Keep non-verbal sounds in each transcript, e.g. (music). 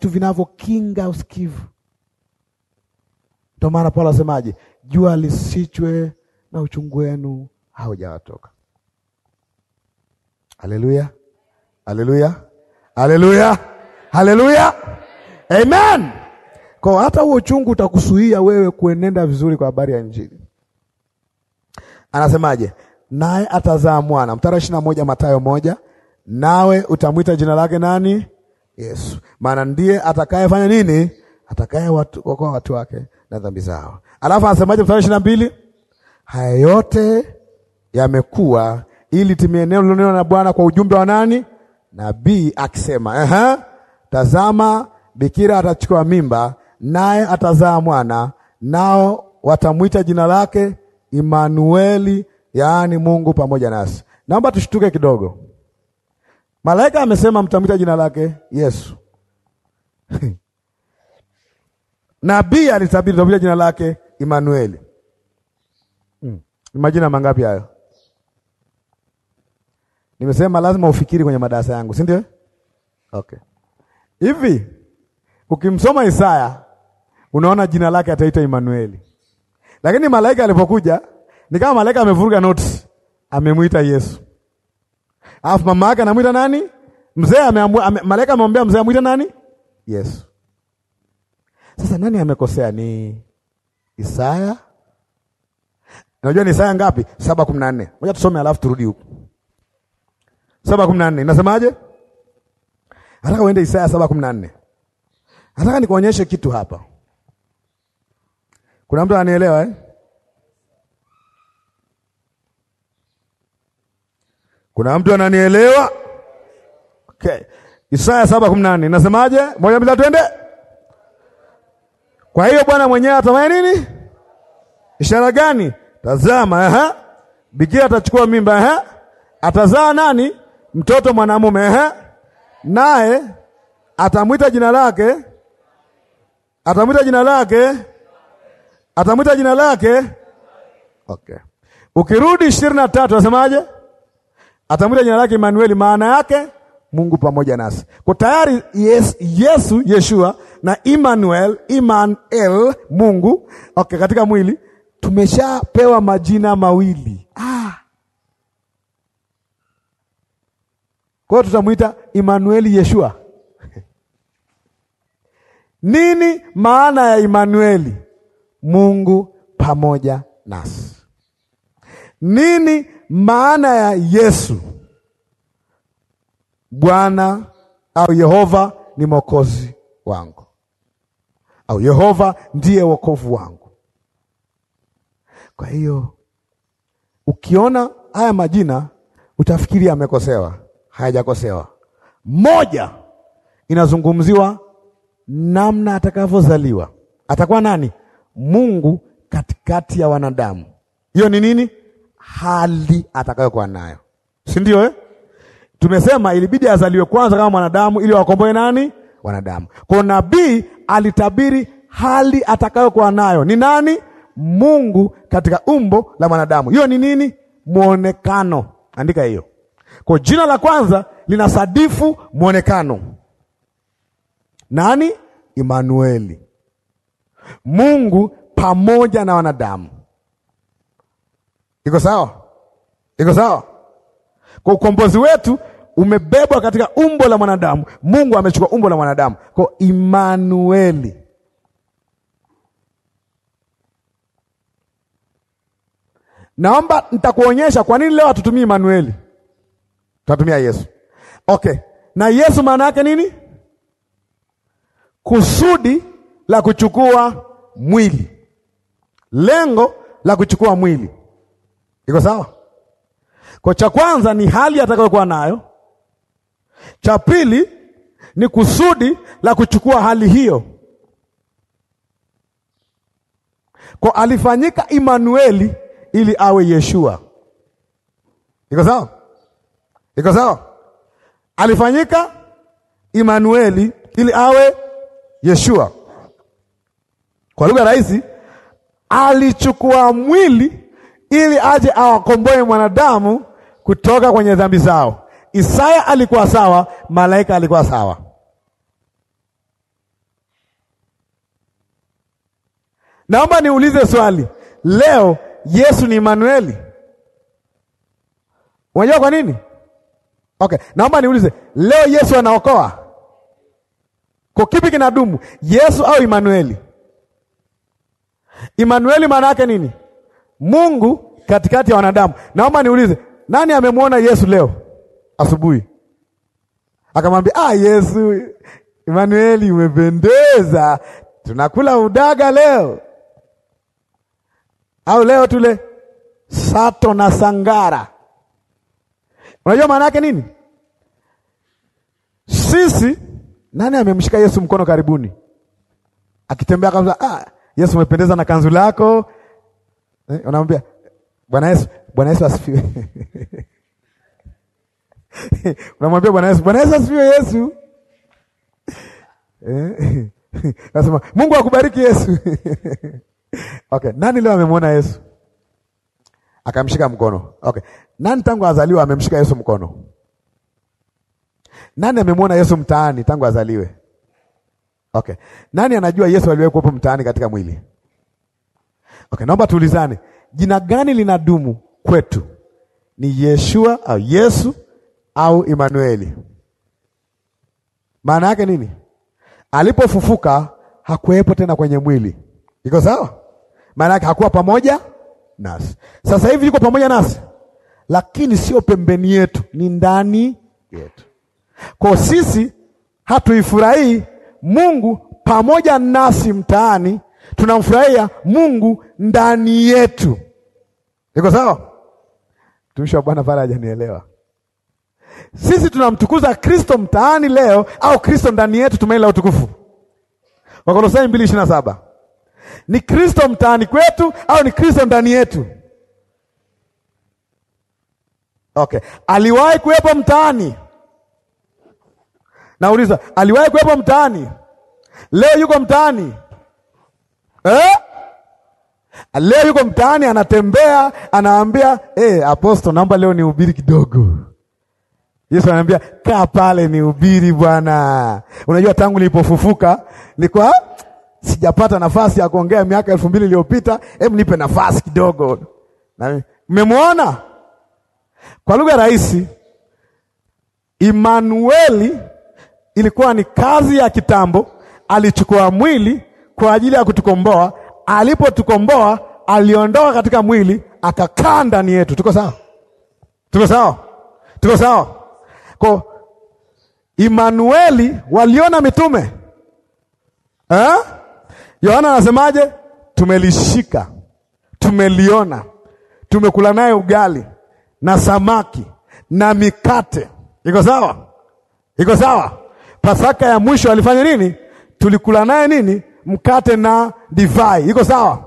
vitu vinavyokinga usikivu. Ndio maana Paulo asemaje, jua lisichwe na uchungu wenu haujawatoka. Haleluya, haleluya, haleluya, haleluya, amen. Kwa hata huo uchungu utakusuia wewe kuenenda vizuri kwa habari ya Injili. Anasemaje? Naye atazaa mwana, Mtara ishirini na moja Mathayo moja. Nawe utamwita jina lake nani? Yesu, maana ndiye atakayefanya nini? Atakaye watu wake na dhambi zao. Alafu anasemaje mstari ishirini na mbili? Haya yote yamekuwa ili timie neno lililonenwa na Bwana kwa ujumbe wa nani? Nabii akisema, ehe, tazama bikira atachukua mimba, naye atazaa mwana, nao watamwita jina lake Imanueli, yaani Mungu pamoja nasi. Naomba tushtuke kidogo. Malaika amesema mtamwita jina lake Yesu. (laughs) Nabii alitabiri mtamwita jina lake Imanueli. Hmm. Majina mangapi hayo? Nimesema lazima ufikiri kwenye madarasa yangu, si ndio? Okay. Hivi ukimsoma Isaya unaona jina lake ataitwa Imanueli, lakini malaika alipokuja ni kama malaika amevuruga noti, amemwita Yesu. Alafu mama yake anamwita nani? Mzee ameamua, malaika amemwambia mzee amwite nani? Yesu. Sasa nani amekosea? Ni Isaya. Unajua ni Isaya ngapi? saba kumi na nne. Ngoja tusome alafu turudi huko. saba kumi na nne inasemaje? Nataka uende Isaya saba kumi na nne. Nataka nikuonyeshe kitu hapa. Kuna mtu anielewa eh? Kuna mtu ananielewa? Okay. Isaya saba kumi na nasemaje? Moja bila twende. Kwa hiyo Bwana mwenyewe atafanya nini? Ishara gani? Tazama, aha. Bikira atachukua mimba, aha. Atazaa nani? Mtoto mwanamume, aha. Naye atamwita jina lake atamwita jina lake atamwita jina lake. Okay. Ukirudi ishirini na tatu nasemaje? atamwita jina lake Emanueli, maana yake Mungu pamoja nasi. Kwa tayari yes, Yesu Yeshua na Emmanuel, Emmanuel Mungu okay, katika mwili tumeshapewa majina mawili ah. Kwa hiyo tutamwita Emmanuel Yeshua. Nini maana ya Emanueli? Mungu pamoja nasi. Nini maana ya Yesu? Bwana au Yehova ni mwokozi wangu, au Yehova ndiye wokovu wangu. Kwa hiyo ukiona haya majina utafikiri amekosewa. Hayajakosewa. Moja inazungumziwa namna atakavyozaliwa, atakuwa nani? Mungu katikati ya wanadamu. Hiyo ni nini? hali atakayokuwa nayo, si ndio eh? Tumesema ilibidi azaliwe kwanza kama mwanadamu ili wakomboe nani? Wanadamu. Kwa nabii alitabiri hali atakayokuwa nayo ni nani? Mungu katika umbo la mwanadamu. Hiyo ni nini? Mwonekano. Andika hiyo. Kwa jina la kwanza linasadifu mwonekano. Nani? Imanueli, Mungu pamoja na wanadamu. Iko sawa? Iko sawa? Kwa ukombozi wetu umebebwa katika umbo la mwanadamu. Mungu amechukua umbo la mwanadamu. Kwa Imanueli. Naomba nitakuonyesha kwa nini leo hatutumii Imanueli. Tutatumia Yesu. Okay. Na Yesu maana yake nini? Kusudi la kuchukua mwili. Lengo la kuchukua mwili. Iko sawa? Kwa cha kwanza ni hali atakayokuwa nayo, cha pili ni kusudi la kuchukua hali hiyo. Kwa alifanyika Imanueli ili awe Yeshua. Iko sawa? Iko sawa? Alifanyika Imanueli ili awe Yeshua. Kwa lugha rahisi, alichukua mwili ili aje awakomboe mwanadamu kutoka kwenye dhambi zao. Isaya alikuwa sawa, malaika alikuwa sawa. Naomba niulize swali leo, Yesu ni Emanueli? Unajua kwa nini? Okay, naomba niulize leo, Yesu anaokoa? Kwa kipi kinadumu, Yesu au Emanueli? Emanueli maana yake nini? Mungu katikati ya wanadamu. Naomba niulize, nani amemwona Yesu leo asubuhi akamwambia, ah, Yesu Emanueli, umependeza, tunakula udaga leo au leo tule sato na sangara? Unajua maana yake nini? Sisi, nani amemshika Yesu mkono karibuni akitembea akamwambia, ah, Yesu umependeza na kanzu lako eh, unamwambia Bwana Yesu, Bwana Yesu asifiwe. (laughs) Unamwambia Bwana Yesu, Bwana Yesu asifiwe Yesu. Eh? (laughs) Nasema Mungu akubariki Yesu. (laughs) Okay, nani leo amemwona Yesu? Akamshika mkono. Okay. Nani tangu azaliwe amemshika Yesu mkono? Nani amemwona Yesu mtaani tangu azaliwe? Okay. Nani anajua Yesu aliwahi kuwepo mtaani katika mwili? Okay, naomba tuulizane, jina gani linadumu kwetu? Ni Yeshua au Yesu au imanueli Maana yake nini? Alipofufuka hakuwepo tena kwenye mwili, iko sawa? Maana yake hakuwa pamoja nasi, sasa hivi yuko pamoja nasi, lakini sio pembeni yetu, ni ndani yetu. Kwa sisi hatuifurahii Mungu pamoja nasi mtaani tunamfurahia Mungu ndani yetu. Iko sawa? Mtumishi wa Bwana pale hajanielewa. Sisi tunamtukuza Kristo mtaani leo au Kristo ndani yetu, tumaini la utukufu. Wakolosai mbili ishirini na saba ni Kristo mtaani kwetu au ni Kristo ndani yetu? Okay, aliwahi kuwepo mtaani. Nauliza, aliwahi kuwepo mtaani? Leo yuko mtaani? eh? Leo yuko mtaani anatembea, anaambia hey, eh, apostol, naomba leo nihubiri kidogo. Yesu anaambia kaa pale nihubiri bwana. Unajua, tangu nilipofufuka nilikuwa ah, sijapata nafasi ya kuongea miaka elfu mbili iliyopita. Hebu nipe nafasi kidogo. Mmemwona kwa lugha rahisi, Imanueli ilikuwa ni kazi ya kitambo, alichukua mwili kwa ajili ya kutukomboa. Alipotukomboa, aliondoa katika mwili, akakaa ndani yetu. Tuko sawa? Tuko sawa? Tuko sawa? Kwa Imanueli waliona mitume eh? Yohana anasemaje? Tumelishika, tumeliona, tumekula naye ugali na samaki na mikate. Iko sawa? Iko sawa? Pasaka ya mwisho alifanya nini? Tulikula naye nini? mkate na divai. Iko sawa?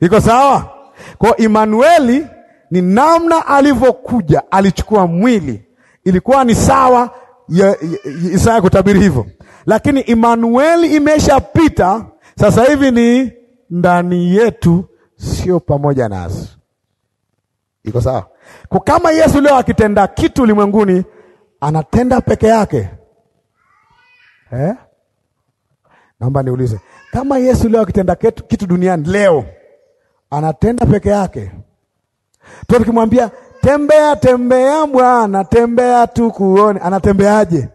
Iko sawa? Kwa Imanueli ni namna alivyokuja, alichukua mwili. Ilikuwa ni sawa ya Isaya kutabiri hivyo, lakini Imanueli imeshapita, sasa hivi ni ndani yetu, sio pamoja nasi. Iko sawa? Kwa kama Yesu leo akitenda kitu ulimwenguni, anatenda peke yake eh? Naomba niulize, kama Yesu leo akitenda kitu duniani leo anatenda peke yake tu, tukimwambia tembea tembea, Bwana tembea tu kuone, anatembeaje?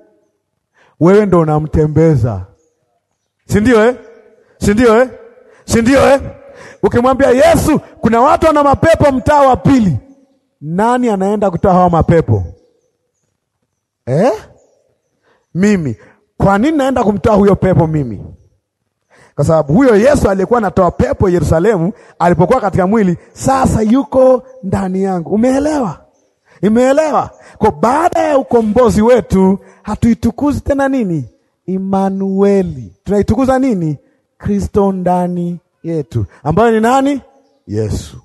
Wewe ndo unamtembeza, si ndio eh? si ndio eh? si ndio eh? Ukimwambia Yesu, kuna watu wana mapepo mtaa wa pili, nani anaenda kutoa hawa mapepo eh? Mimi. Kwa nini naenda kumtoa huyo pepo mimi? kwa sababu huyo Yesu aliyekuwa anatoa pepo Yerusalemu alipokuwa katika mwili, sasa yuko ndani yangu. Umeelewa? Imeelewa? Kwa baada ya ukombozi wetu hatuitukuzi tena nini? Imanueli. Tunaitukuza nini? Kristo ndani yetu, ambayo ni nani? Yesu.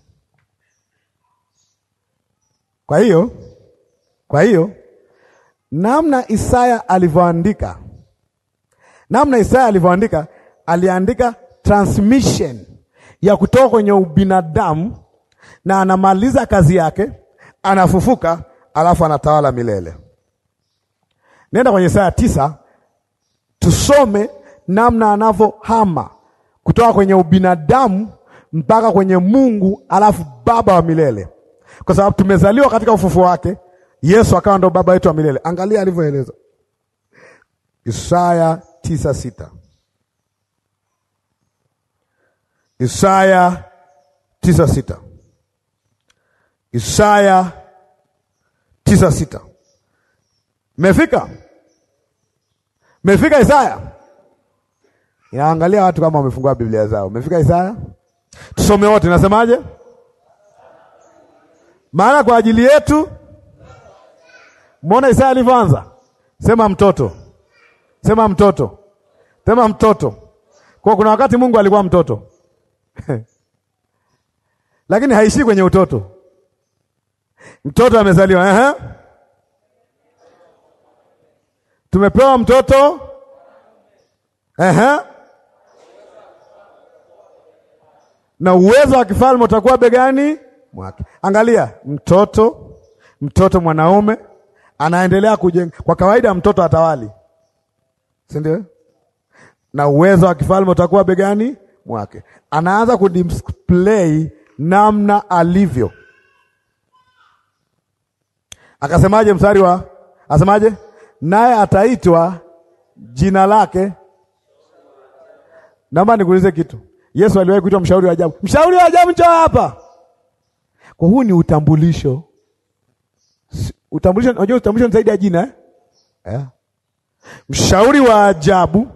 Kwa hiyo, kwa hiyo namna Isaya alivyoandika, namna Isaya alivyoandika aliandika transmission ya kutoka kwenye ubinadamu, na anamaliza kazi yake, anafufuka, alafu anatawala milele. Nenda kwenye Isaya tisa tusome namna anavyohama kutoka kwenye ubinadamu mpaka kwenye Mungu, alafu baba wa milele, kwa sababu tumezaliwa katika ufufuo wake. Yesu akawa ndo baba wetu wa milele. Angalia alivyoeleza Isaya tisa sita. Isaya tisa sita Isaya tisa sita Mefika, mefika Isaya. Inaangalia watu kama wamefungua Biblia zao. Mefika Isaya, tusome wote, nasemaje? Maana kwa ajili yetu, mwona Isaya alivyoanza, sema mtoto, sema mtoto, sema mtoto. Kwa kuna wakati Mungu alikuwa mtoto (laughs) lakini haishii kwenye utoto. Mtoto amezaliwa, eh? tumepewa mtoto, eh? na uwezo wa kifalme utakuwa begani mwake. Angalia mtoto, mtoto mwanaume anaendelea kujenga. Kwa kawaida mtoto atawali, si ndio? Na uwezo wa kifalme utakuwa begani mwake. Anaanza kudisplay namna alivyo. Akasemaje? mstari wa asemaje? naye ataitwa jina lake. Naomba nikuulize kitu. Yesu aliwahi kuitwa mshauri wa ajabu. Mshauri wa ajabu, njoo hapa. Kwa huu ni utambulisho. Utambulisho, unajua utambulisho ni zaidi ya jina eh? Yeah. Mshauri wa ajabu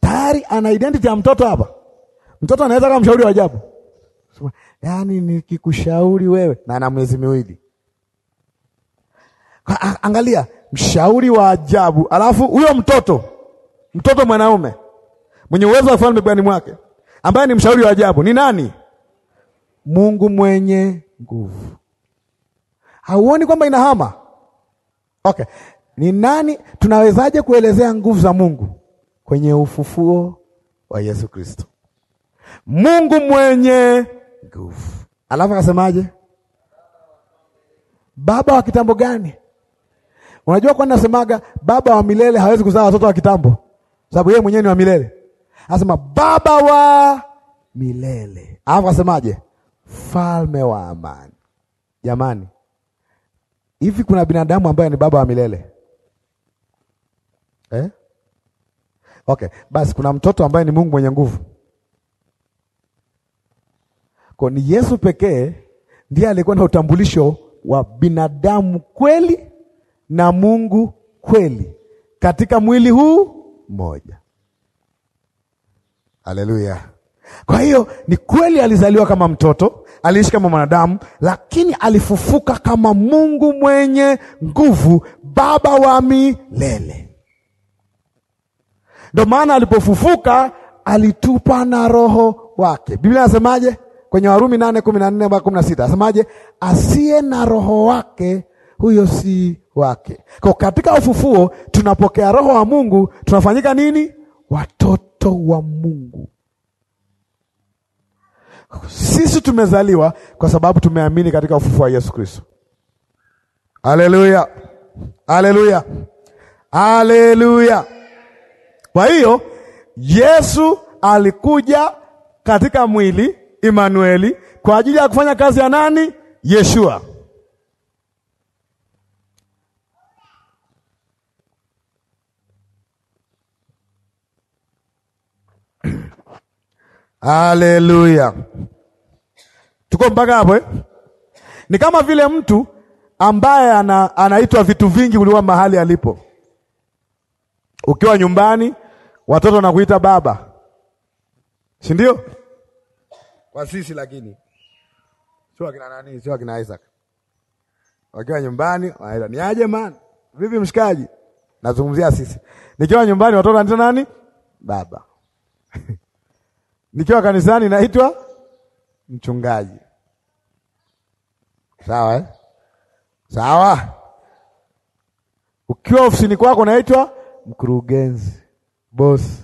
tayari ana identity ya mtoto hapa. Mtoto anaweza kama mshauri wa ajabu, yaani nikikushauri wewe, na ana miezi miwili. Angalia, mshauri wa ajabu, alafu huyo mtoto mtoto mwanaume mwenye uwezo wa ufalme bwani mwake, ambaye ni mshauri wa ajabu ni nani? Mungu mwenye nguvu. Hauoni kwamba inahama? Okay, ni nani? Tunawezaje kuelezea nguvu za Mungu kwenye ufufuo wa Yesu Kristo? Mungu mwenye nguvu. Alafu akasemaje? Baba wa kitambo gani? Unajua kwani nasemaga baba wa milele hawezi kuzaa watoto wa kitambo, sababu yeye mwenyewe ni wa milele. Anasema baba wa milele, alafu akasemaje? Falme wa amani. Jamani, hivi kuna binadamu ambaye ni baba wa milele eh? Okay, basi kuna mtoto ambaye ni Mungu mwenye nguvu. Kwa ni Yesu pekee ndiye alikuwa na utambulisho wa binadamu kweli na Mungu kweli katika mwili huu mmoja. Haleluya! Kwa hiyo ni kweli alizaliwa kama mtoto, aliishi kama mwanadamu, lakini alifufuka kama Mungu mwenye nguvu, Baba wa milele. Ndio maana alipofufuka alitupa na roho wake. Biblia inasemaje? kwenye Warumi nane kumi na nne mpaka kumi na sita asemaje? Asiye na roho wake huyo si wake. Kwa katika ufufuo tunapokea roho wa Mungu, tunafanyika nini? Watoto wa Mungu. Sisi tumezaliwa kwa sababu tumeamini katika ufufuo wa Yesu Kristo. Aleluya, aleluya aleluya! Kwa hiyo Yesu alikuja katika mwili Imanueli kwa ajili ya kufanya kazi ya nani? Yeshua. (clears throat) Haleluya. Tuko mpaka hapo eh? Ni kama vile mtu ambaye ana, anaitwa vitu vingi kuliko mahali alipo. Ukiwa nyumbani watoto wanakuita baba, si ndio? kwa sisi, lakini sio akina nani, sio akina Isaac wakiwa nyumbani wanaita ni aje man, vipi mshikaji? Nazungumzia sisi, nikiwa nyumbani watoto wanaita nani? Baba. (laughs) nikiwa kanisani naitwa mchungaji. Sawa eh? Sawa. Ukiwa ofisini kwako naitwa mkurugenzi, boss.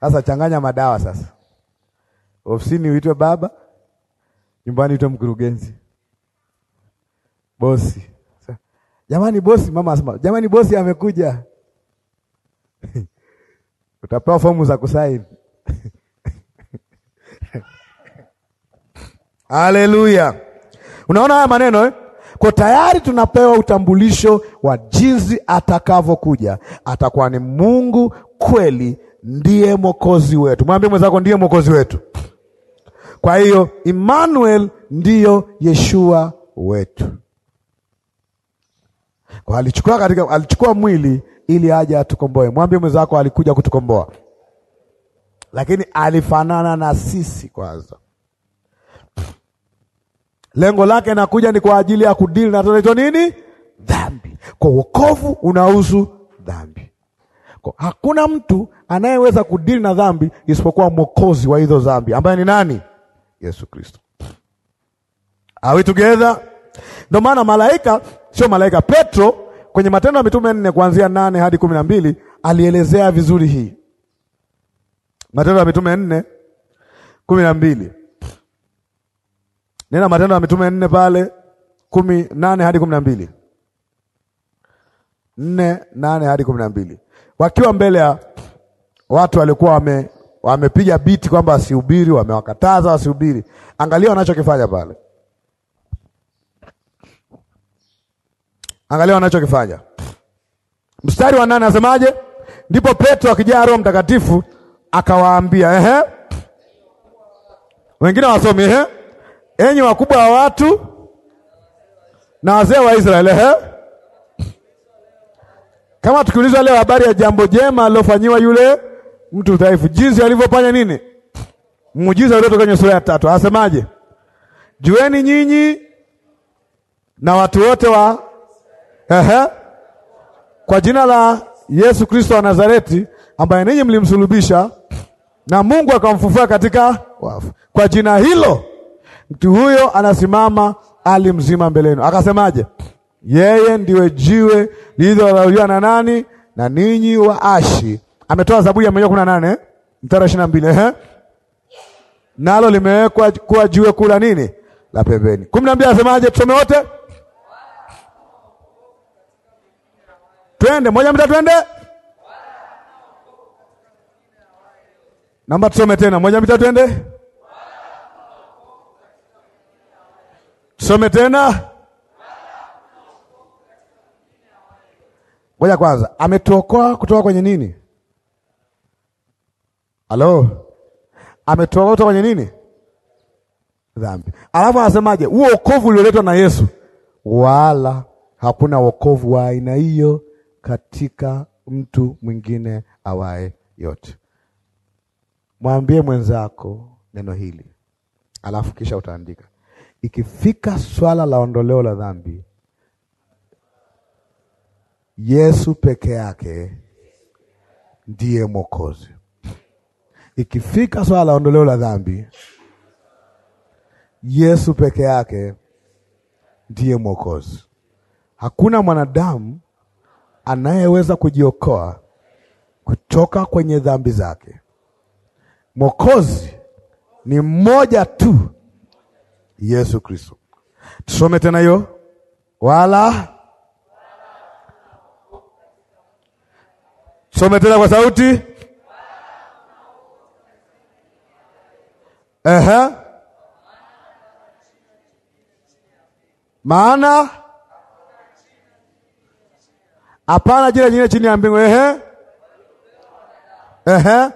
Sasa changanya madawa sasa Ofisini huitwa baba, nyumbani huitwa mkurugenzi, bosi. Jamani bosi, mama asema jamani bosi amekuja. (laughs) Utapewa fomu za kusaini. (laughs) Haleluya! Unaona haya maneno eh? Kwa tayari tunapewa utambulisho wa jinsi atakavyokuja. Atakuwa ni Mungu kweli, ndiye mwokozi wetu. Mwambie mwenzako ndiye mwokozi wetu. Kwa hiyo Emmanuel ndiyo Yeshua wetu. Kwa alichukua katika, alichukua mwili ili aje atukomboe. Mwambie mwenzako alikuja kutukomboa, lakini alifanana na sisi kwanza. Lengo lake nakuja ni kwa ajili ya kudili na tatizo nini? Dhambi. Kwa wokovu unahusu dhambi. Kwa hakuna mtu anayeweza kudili na dhambi isipokuwa mwokozi wa hizo dhambi ambaye ni nani? Yesu Kristo. Are we together? Ndio maana malaika sio malaika, Petro kwenye Matendo ya Mitume nne kuanzia nane hadi kumi na mbili alielezea vizuri hii. Matendo ya Mitume nne kumi na mbili nena Matendo ya Mitume nne pale kumi nane hadi kumi na mbili nne nane hadi kumi na mbili wakiwa mbele ya watu walikuwa wame wamepiga biti kwamba wasihubiri, wamewakataza wasihubiri. Angalia wanachokifanya pale, angalia wanachokifanya. Mstari wa nane anasemaje? Ndipo Petro akijaa Roho Mtakatifu akawaambia, ehe, wengine wasomi, ehe, enyi wakubwa wa watu na wazee wa Israeli, ehe, kama tukiulizwa leo habari ya jambo jema alilofanyiwa yule mtu dhaifu, jinsi alivyofanya nini, muujiza uliotoka kwenye sura ya tatu, asemaje? Jueni nyinyi na watu wote wa ehe, kwa jina la Yesu Kristo wa Nazareti, ambaye ninyi mlimsulubisha na Mungu akamfufua katika wafu, kwa jina hilo mtu huyo anasimama ali mzima mbele yenu. Akasemaje? Yeye ndiwe jiwe lililolauliwa na nani? Na ninyi waashi ametoa Zaburi ya mia moja kumi na nane mstari ishirini na mbili eh, nalo limewekwa kuwa jiwe kula nini la pembeni. kumi na mbili anasemaje? Tusome wote, twende moja mta, twende namba, tusome tena moja mta, twende tusome tena moja. kwanza, ametuokoa kutoka kwenye nini? Halo, ametoa kwenye nini? Dhambi. Alafu anasemaje? Huo wokovu ulioletwa na Yesu, wala hakuna wokovu wa aina hiyo katika mtu mwingine awaye yote. Mwambie mwenzako neno hili, alafu kisha utaandika. Ikifika swala la ondoleo la dhambi, Yesu peke yake ndiye Mwokozi. Ikifika swala la ondoleo la dhambi, Yesu peke yake ndiye Mwokozi. Hakuna mwanadamu anayeweza kujiokoa kutoka kwenye dhambi zake. Mwokozi ni mmoja tu, Yesu Kristo. Tusome tena hiyo, wala tusome tena kwa sauti Ehe. Maana hapana jina jingine chini ya mbingu. Ehe. Ehe.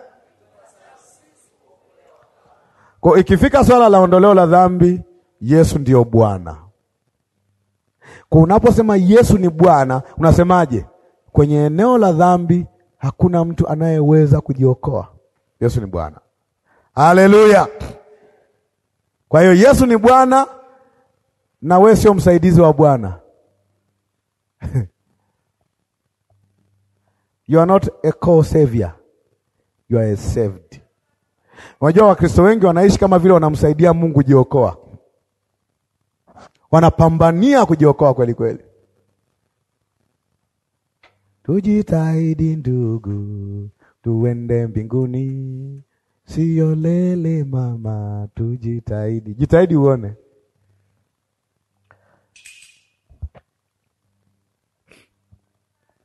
Kwa ikifika swala la ondoleo la dhambi, Yesu ndiyo Bwana. Kwa unaposema Yesu ni Bwana, unasemaje? Kwenye eneo la dhambi hakuna mtu anayeweza kujiokoa. Yesu ni Bwana. Haleluya. Kwa hiyo Yesu ni Bwana na wewe sio msaidizi wa Bwana. (laughs) You are not a co-savior. You are a saved. Unajua Wakristo wengi wanaishi kama vile wanamsaidia Mungu kujiokoa, wanapambania kujiokoa kweli kweli. Tujitahidi ndugu, tuende mbinguni Siyo lele mama, tujitahidi, jitahidi uone.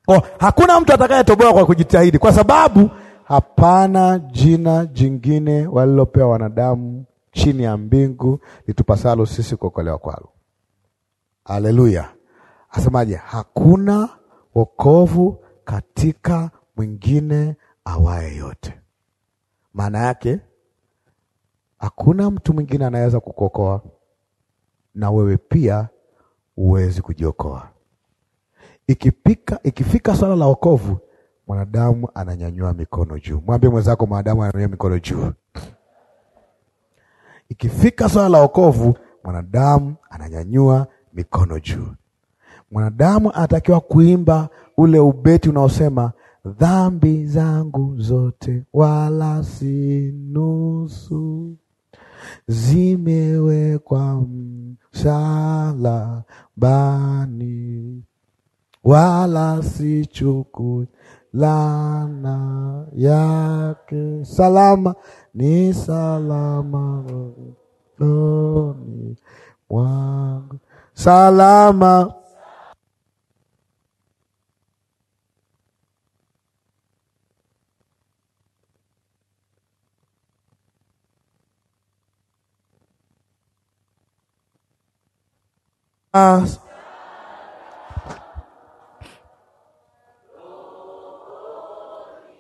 Oh, hakuna mtu atakayetoboa kwa kujitahidi, kwa sababu hapana jina jingine walilopewa wanadamu chini ya mbingu litupasalo sisi kuokolewa kwalo. Haleluya! Asemaje? Hakuna wokovu katika mwingine awaye yote maana yake hakuna mtu mwingine anaweza kukuokoa, na wewe pia huwezi kujiokoa. Ikipika, ikifika swala la wokovu, mwanadamu ananyanyua mikono juu. Mwambie mwenzako, mwanadamu ananyanyua mikono juu. Ikifika swala la wokovu, mwanadamu ananyanyua mikono juu. Mwanadamu anatakiwa kuimba ule ubeti unaosema dhambi zangu zote, wala si nusu, zimewekwa msalabani, wala si chukui lana yake. Salama ni salama rohoni mwangu, salama Uh,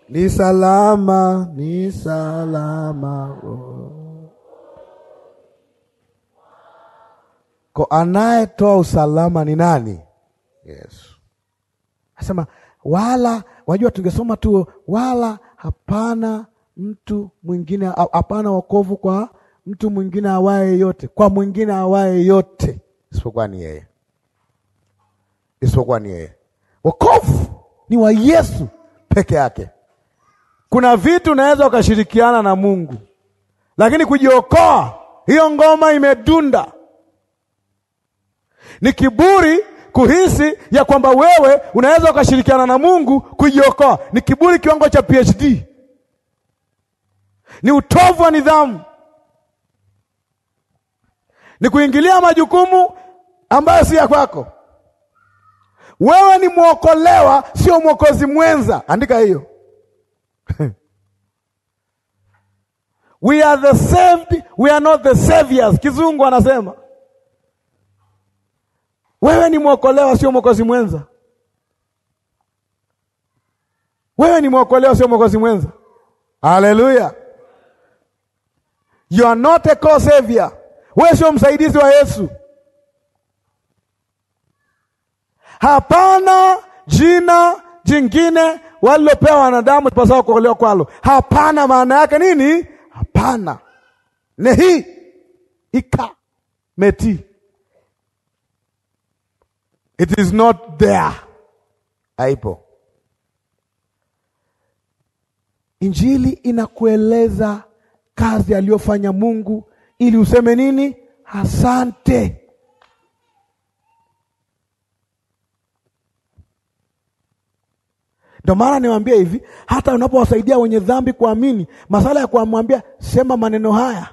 ni salama, ni salama oh. Ko anayetoa usalama ni nani? Yesu asema wala, wajua, tungesoma tu wala hapana mtu mwingine, hapana wokovu kwa mtu mwingine awaye yote, kwa mwingine awaye yote isipokuwa ni yeye, isipokuwa ni yeye. Wokovu ni wa Yesu peke yake. Kuna vitu unaweza ukashirikiana na Mungu, lakini kujiokoa, hiyo ngoma imedunda. Ni kiburi kuhisi ya kwamba wewe unaweza ukashirikiana na Mungu kujiokoa. Ni kiburi kiwango cha PhD, ni utovu wa nidhamu, ni kuingilia majukumu ambayo si ya kwako. Wewe ni mwokolewa, sio mwokozi mwenza. Andika hiyo. (laughs) We are the saved, we are not the saviors. Kizungu anasema wewe ni mwokolewa, sio mwokozi mwenza. Wewe ni mwokolewa, sio mwokozi mwenza. Haleluya! You are not a co-savior. Wewe sio msaidizi wa Yesu. Hapana jina jingine walilopewa wanadamu pasao kuokolewa kwalo. Hapana maana yake nini? Hapana nehi ika meti it is not there, haipo. Injili inakueleza kazi aliyofanya Mungu ili useme nini? Asante. Ndio maana niwaambia hivi, hata unapowasaidia wenye dhambi kuamini, masala ya kuamwambia sema maneno haya,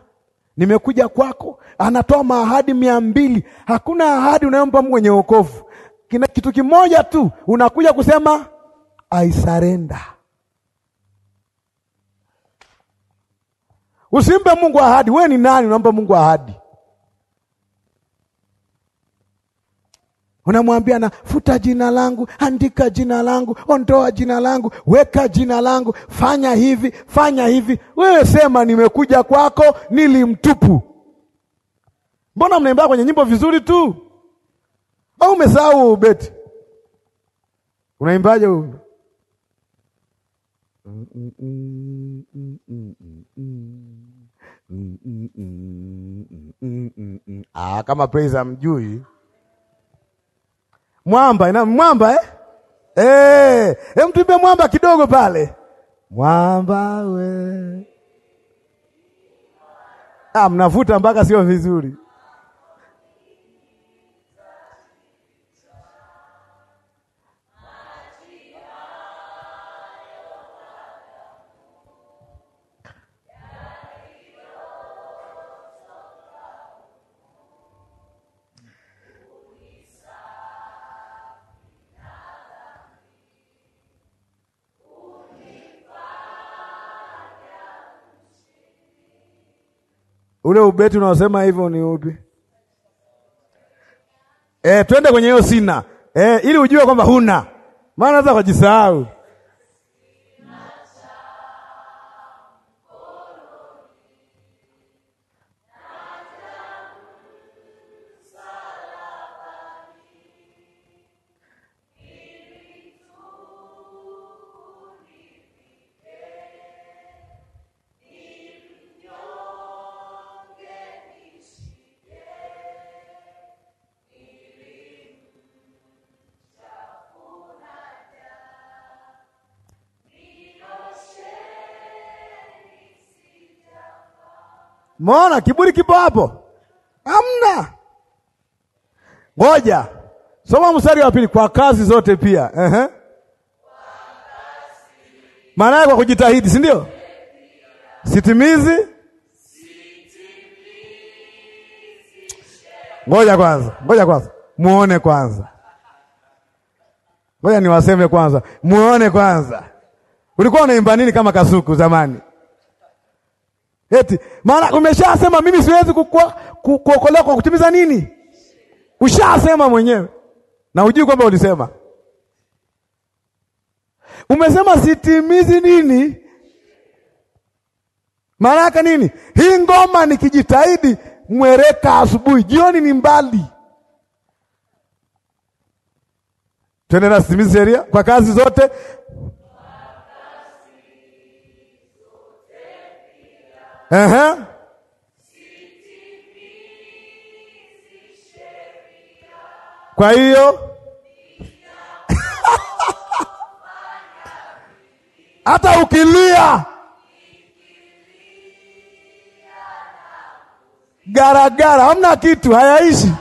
nimekuja kwako. Anatoa maahadi mia mbili. Hakuna ahadi unayompa wenye wokovu, kina kitu kimoja tu, unakuja kusema I surrender. Usimpe Mungu ahadi. we ni nani unampa Mungu ahadi? Unamwambia na futa jina langu, andika jina langu, ondoa jina langu, weka jina langu, fanya hivi, fanya hivi. Wewe sema nimekuja kwako, nili mtupu. Mbona mnaimba kwenye nyimbo vizuri tu, au umesahau ubeti? Unaimbaje huo? Ah, kama praise amjui mwamba ina mwamba eh? Eh, mtuimbe mwamba kidogo pale. Mwamba we. Ah, mnavuta mpaka sio vizuri. Ule ubeti unaosema hivyo ni upi? E, twende kwenye hiyo sina e, ili ujue kwamba huna maana, naweza kujisahau Umeona kiburi kipo hapo? Hamna. Ngoja soma mstari wa pili, kwa kazi zote pia. Ehe, maana kwa kujitahidi, si ndio? Sitimizi. Ngoja kwanza, ngoja kwanza, muone kwanza, ngoja niwaseme kwanza, muone kwanza. Ulikuwa unaimba nini kama kasuku zamani? Eti maana umeshasema mimi siwezi kuokolewa kwa kutimiza nini? Ushasema mwenyewe na ujui kwamba ulisema. Umesema sitimizi nini? Maana yake nini? Hii ngoma nikijitahidi mwereka asubuhi, jioni ni mbali. Twende na sitimizi sheria kwa kazi zote, Uhum. Kwa hiyo (laughs) hata ukilia garagara, hamna kitu, hayaishi.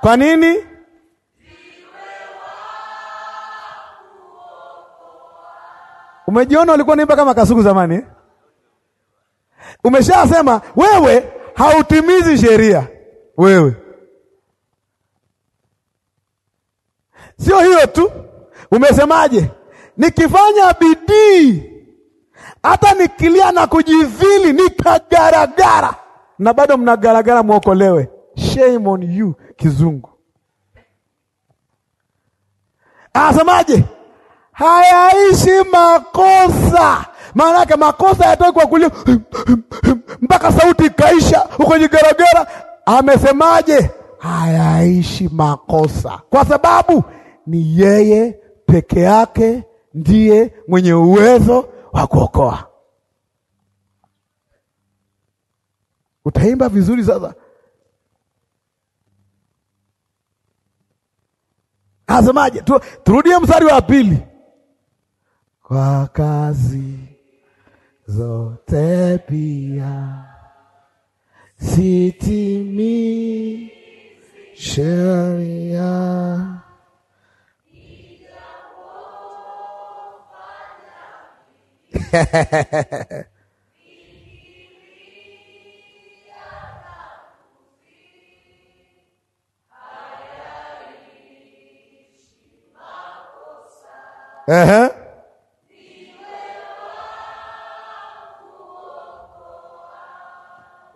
Kwa nini? Umejiona ulikuwa nimba kama kasuku zamani Umeshasema wewe hautimizi sheria wewe. Sio hiyo tu, umesemaje? Nikifanya bidii hata nikilia na kujivili nikagaragara, na bado mnagaragara, mwokolewe. Shame on you, kizungu anasemaje? hayaishi makosa. Maana yake makosa yatoki kwa kulia mpaka sauti ikaisha, ukajigaragara. Amesemaje? hayaishi makosa, kwa sababu ni yeye peke yake ndiye mwenye uwezo wa kuokoa. Utaimba vizuri sasa. Asemaje? Turudie mstari wa pili kwa kazi zote pia sitimi sheria (laughs) Uh-huh.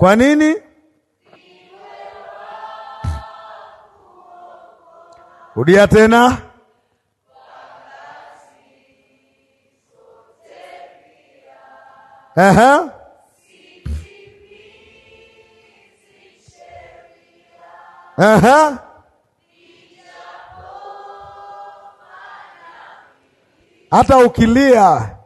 Kwa nini? Rudia tena. Aha. Aha. Hata ukilia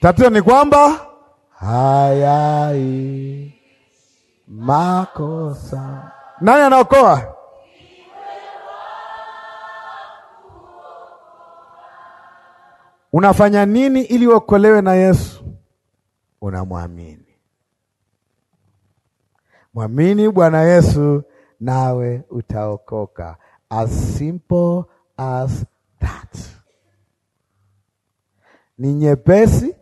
Tatizo ni kwamba hayai makosa. Nani anaokoa? Unafanya nini ili uokolewe na Yesu? Unamwamini. Mwamini Bwana Yesu nawe utaokoka. As simple as that. Ni nyepesi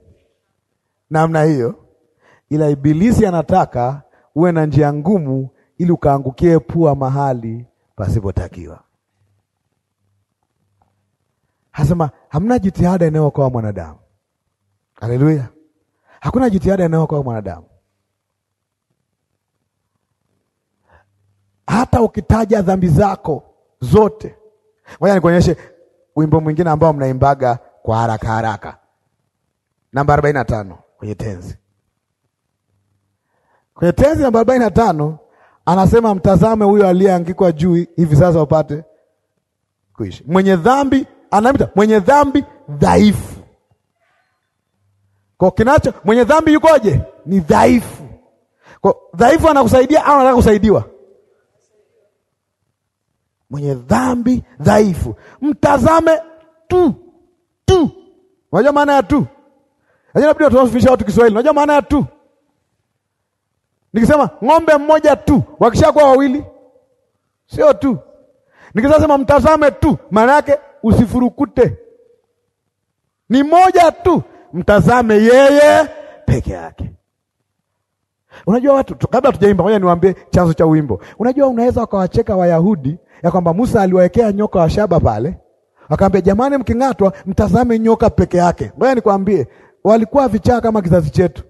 namna hiyo, ila Ibilisi anataka uwe na njia ngumu ili ukaangukie pua mahali pasipotakiwa. Hasema hamna jitihada inayokoa mwanadamu. Haleluya, hakuna jitihada inayokoa mwanadamu. Hata ukitaja dhambi zako zote, ngoja nikuonyeshe wimbo mwingine ambao mnaimbaga kwa haraka haraka, namba arobaini na tano kwenye tenzi. Kwenye tenzi namba arobaini na tano anasema mtazame huyo aliyeangikwa juu hivi sasa upate kuishi. Mwenye dhambi anamita mwenye dhambi dhaifu. Kwa kinacho mwenye dhambi yukoje? Ni dhaifu. Kwa dhaifu anakusaidia au anataka kusaidiwa? Mwenye dhambi dhaifu, mtazame tu tu. Unajua maana ya tu? Lakini labda tuwafundisha watu Kiswahili. Unajua maana ya tu? Nikisema ng'ombe mmoja tu, wakishakuwa wawili sio tu. Nikisema mtazame tu, maana yake usifurukute. Ni moja tu, mtazame yeye peke yake. Unajua watu, kabla tujaimba, ngoja niwaambie chanzo cha wimbo. Unajua, unaweza ukawacheka Wayahudi ya kwamba Musa aliwaekea nyoka wa shaba pale, akaambia jamani, mking'atwa mtazame nyoka peke yake. Ngoja nikwambie, walikuwa vichaa kama kizazi chetu.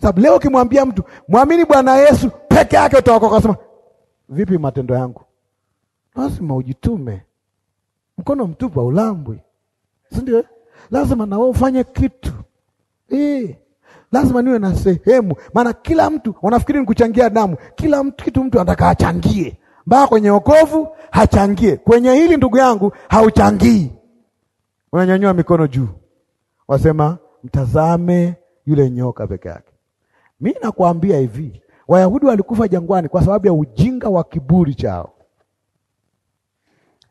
Sababu leo ukimwambia mtu mwamini Bwana Yesu peke yake utaokoka, sema vipi matendo yangu? Lazima ujitume, mkono mtupu ulambwi si ndio? Lazima na wewe ufanye kitu eh, Lazima niwe na sehemu, maana kila mtu wanafikiri ni kuchangia damu. Kila mtu kitu mtu anataka achangie, mpaka kwenye wokovu hachangie. Kwenye hili ndugu yangu hauchangii, unanyanyua mikono juu, wasema mtazame yule nyoka peke yake. Mimi nakwambia hivi, Wayahudi walikufa jangwani kwa sababu ya ujinga wa kiburi chao.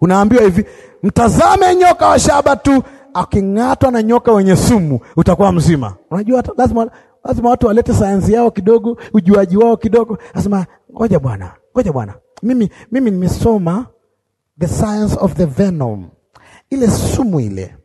Unaambiwa hivi, mtazame nyoka wa shaba tu, aking'atwa na nyoka wenye sumu utakuwa mzima. Unajua lazima, lazima watu walete sayansi yao kidogo, ujuaji wao kidogo. nasema ngoja bwana, ngoja bwana, mimi mimi nimesoma the science of the venom, ile sumu ile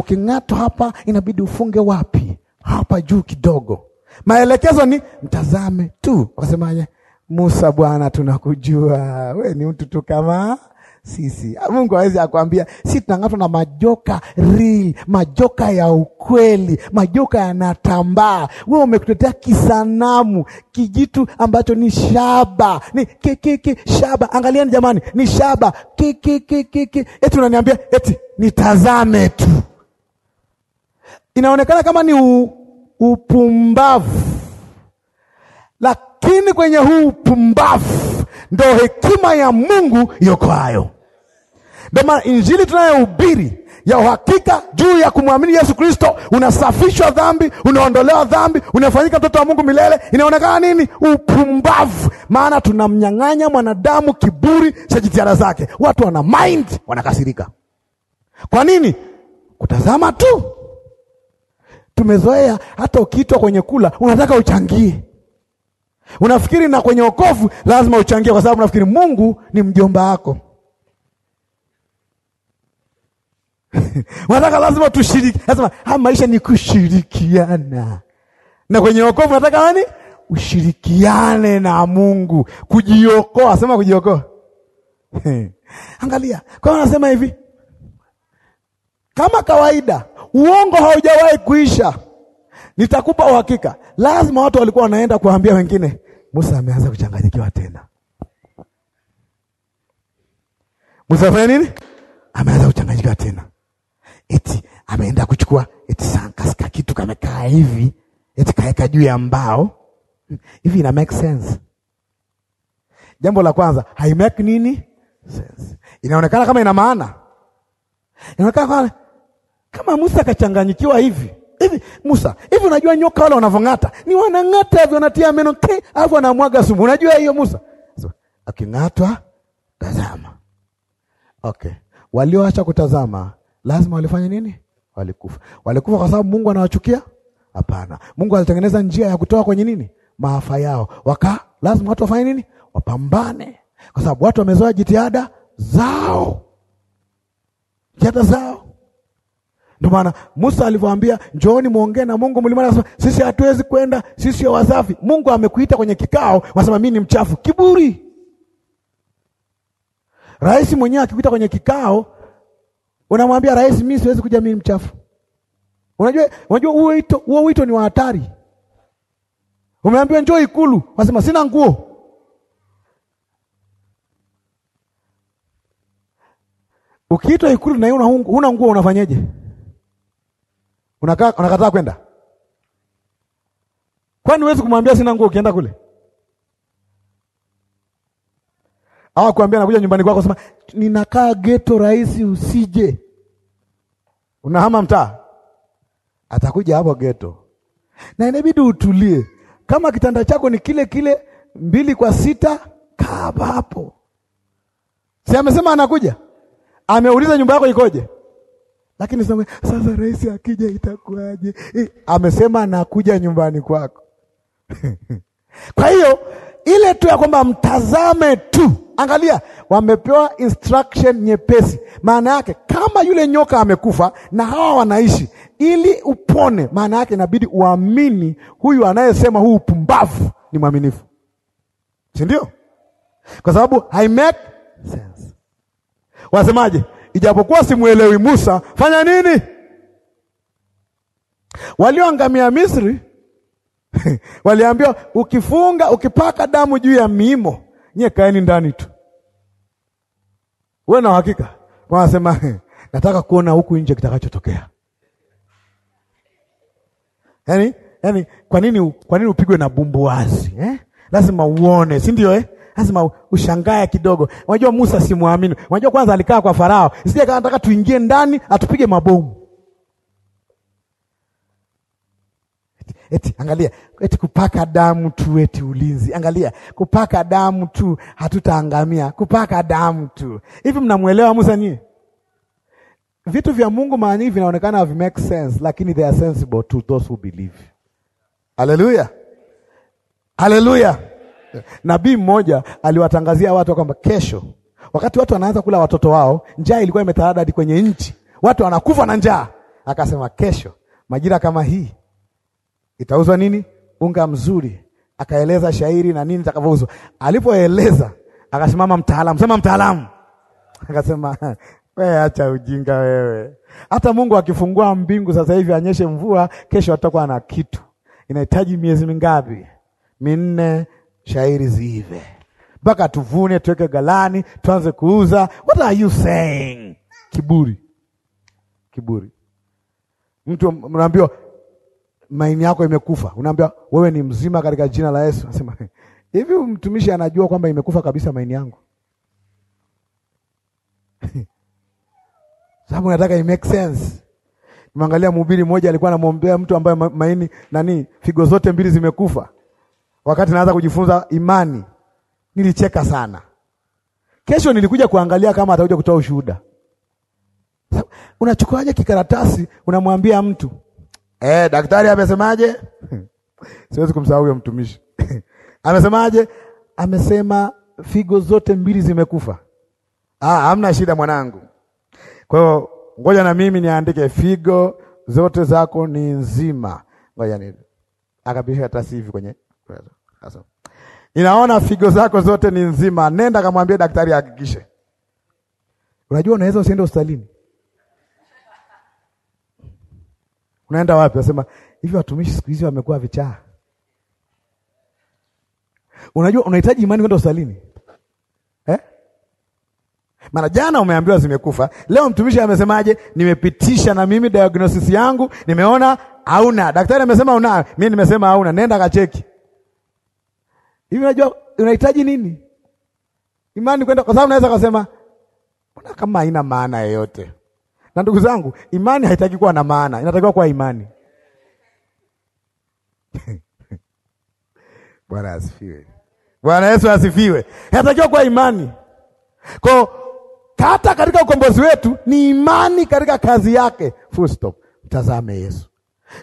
uking'atwa hapa inabidi ufunge wapi? Hapa juu kidogo. Maelekezo ni mtazame tu. Wakasemaje? Musa, Bwana tunakujua we ni mtu tu kama sisi. Ah, Mungu awezi akwambia, si tunang'atwa na majoka real, majoka ya ukweli, majoka yanatambaa. We umekutetea kisanamu, kijitu ambacho ni shaba, ni kikiki shaba. Angaliani jamani, ni shaba kikikikiki. eti unaniambia eti nitazame tu inaonekana kama ni u, upumbavu, lakini kwenye huu upumbavu ndo hekima ya Mungu iokoayo. Ndio maana injili tunayohubiri ya uhakika juu ya kumwamini Yesu Kristo, unasafishwa dhambi, unaondolewa dhambi, unafanyika mtoto wa Mungu milele, inaonekana nini? Upumbavu. Maana tunamnyang'anya mwanadamu kiburi cha jitihada zake. Watu wana mind wanakasirika. Kwa nini? Kutazama tu Tumezoea hata ukiitwa kwenye kula unataka uchangie, unafikiri na kwenye wokovu lazima uchangie, kwa sababu unafikiri Mungu ni mjomba wako (laughs) unataka lazima tushiriki, lazima ha, maisha ni kushirikiana. Na kwenye wokovu unataka nani ushirikiane na Mungu, kujiokoa. Sema kujiokoa. (laughs) Angalia, kwa hiyo anasema hivi kama kawaida, uongo haujawahi kuisha. Nitakupa uhakika, lazima watu walikuwa wanaenda kuambia wengine, Musa ameanza kuchanganyikiwa tena. Musa fanya nini? Ameanza kuchanganyikiwa tena, eti ameenda kuchukua eti sankaska kitu kamekaa hivi, eti kaeka juu ya mbao hivi, ina make sense? Jambo la kwanza haimake nini sense, inaonekana kama ina maana, inaonekana kama kama Musa akachanganyikiwa hivi hivi, Musa hivi, unajua nyoka wale wanavong'ata ni wanang'ata hivyo, wanatia meno ke, alafu anamwaga sumu, unajua hiyo Musa so, aking'atwa, tazama. Okay, walioacha kutazama lazima walifanya nini? Walikufa. Walikufa kwa sababu Mungu anawachukia? Hapana, Mungu alitengeneza njia ya kutoa kwenye nini maafa yao, waka lazima watu wafanye nini? Wapambane, kwa sababu watu wamezoea jitihada zao, jitihada zao ndio maana Musa alivyoambia njooni muongee na Mungu mlimani, anasema sisi hatuwezi kwenda, sisi wa wasafi. Mungu amekuita kwenye kikao, anasema mimi ni mchafu, kiburi. Rais mwenyewe akikuita kwenye kikao, unamwambia rais, mimi siwezi kuja, mimi mchafu. Unajua, unajua huo wito, huo wito ni wa hatari. Umeambiwa njoo Ikulu, anasema sina nguo. Ukiitwa Ikulu na huna nguo unafanyeje? Unakaa unakataa kwenda? Kwani huwezi kumwambia sina nguo ukienda kule? Au kuambia nakuja nyumbani kwako sema ninakaa geto rahisi usije. Unahama mtaa. Atakuja hapo geto. Na inabidi utulie. Kama kitanda chako ni kile kile mbili kwa sita, kaa hapo. Si amesema anakuja? Ameuliza nyumba yako ikoje? Lakini sasa rais akija itakuwaje? Eh, amesema anakuja nyumbani kwako. (laughs) Kwa hiyo ile tu ya kwamba mtazame tu, angalia, wamepewa instruction nyepesi. Maana yake kama yule nyoka amekufa na hawa wanaishi, ili upone, maana yake inabidi uamini huyu anayesema huu upumbavu ni mwaminifu, si ndio? Kwa sababu I make sense. Wasemaje? ijapokuwa simwelewi Musa, fanya nini? Walioangamia Misri (laughs) waliambiwa, ukifunga ukipaka damu juu ya miimo, nye kaeni ndani tu. Wewe na uhakika, wanasema (laughs) nataka kuona huku nje kitakachotokea. Yaani, yaani kwa nini, kwa nini upigwe na bumbuazi eh? Lazima uone, si ndio eh? lazima ushangae kidogo. Unajua Musa simwamini. Unajua kwanza alikaa kwa Farao, sije kama nataka tuingie ndani atupige mabomu. Eti angalia, eti kupaka damu tu, eti ulinzi. Angalia, kupaka damu tu hatutaangamia, kupaka damu tu. Hivi mnamwelewa Musa nyie? Vitu vya Mungu maana hivi vinaonekana havi make sense, lakini they are sensible to those who believe. Haleluya, haleluya. Nabii mmoja aliwatangazia watu kwamba kesho, wakati watu wanaanza kula watoto wao, njaa ilikuwa hadi kwenye nchi, watu wanakufa na njaa. Akasema kesho majira kama hii itauzwa nini? Unga mzuri. Akaeleza shairi na nini takavyouzwa. Alipoeleza akasimama mtaalamu, sema mtaalamu, akasema (laughs) we, acha ujinga wewe. Hata Mungu akifungua mbingu sasa hivi anyeshe mvua, kesho atakuwa na kitu. Inahitaji miezi mingapi? Minne, shairi ziive mpaka tuvune, tuweke galani, tuanze kuuza. What are you saying? Kiburi, kiburi. Mtu mnaambiwa maini yako imekufa, unaambiwa wewe ni mzima katika jina la Yesu. Nasema (laughs) hivi, mtumishi anajua kwamba imekufa kabisa maini yangu? (laughs) sababu nataka i make sense. Nimeangalia mhubiri mmoja alikuwa anamwombea mtu ambaye maini nani, figo zote mbili zimekufa wakati naanza kujifunza imani, nilicheka sana. Kesho nilikuja kuangalia kama atakuja kutoa ushuhuda. (laughs) Unachukuaje kikaratasi unamwambia mtu eh, daktari amesemaje? (laughs) siwezi kumsahau huyo mtumishi (laughs) amesemaje? Amesema figo zote mbili zimekufa. Ah, hamna shida mwanangu. Kwa hiyo ngoja na mimi niandike figo zote zako ni nzima. Ngoja ni akapisha karatasi hivi kwenye sasa ninaona figo zako zote ni nzima, nenda kamwambie daktari ahakikishe. Unajua unaweza usiende hospitalini. Unaenda wapi? Wasema hivi, watumishi siku hizi wamekuwa vichaa. Unajua unahitaji imani kwenda hospitalini eh? Maana jana umeambiwa zimekufa, leo mtumishi amesemaje? Nimepitisha na mimi diagnosis yangu, nimeona hauna. Daktari amesema unayo, mimi nimesema hauna, nenda kacheki. Hivi unajua unahitaji nini? Imani kwenda, kwa sababu naweza kusema mbona kama haina maana yoyote. Na ndugu zangu, imani haitaki kuwa na maana, inatakiwa kuwa imani. (laughs) Bwana asifiwe. Bwana Yesu asifiwe. Inatakiwa kuwa imani. Kwa hata katika ukombozi wetu ni imani katika kazi yake. Full stop. Mtazame Yesu.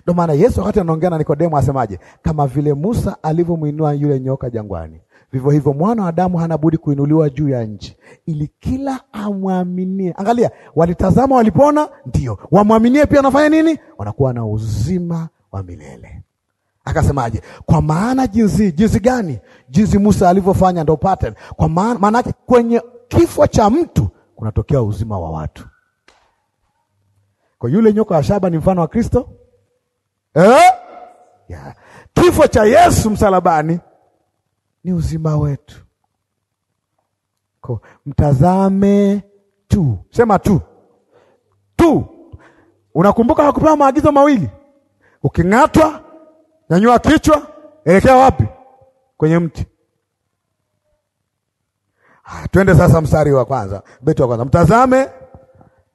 Ndio maana Yesu wakati anaongea na Nikodemo asemaje? Kama vile Musa alivyomwinua yule nyoka jangwani, vivyo hivyo mwana wa Adamu hana budi kuinuliwa juu ya nchi, ili kila amwaminie. Angalia, walitazama walipona, ndio wamwaminie pia. anafanya nini? Wanakuwa na uzima wa milele. Akasemaje? Kwa maana jinsi jinsi gani? Jinsi Musa alivyofanya, ndo pattern. Kwa maana maanake kwenye kifo cha mtu kunatokea uzima wa watu. Kwa yule nyoka wa shaba ni mfano wa Kristo eh? yeah. Kifo cha Yesu msalabani ni uzima wetu. Ko, mtazame tu, sema tu tu. Unakumbuka hakupewa maagizo mawili? Uking'atwa nyanyua kichwa, elekea wapi? Kwenye mti. Ah, twende sasa mstari wa kwanza, beti wa kwanza, mtazame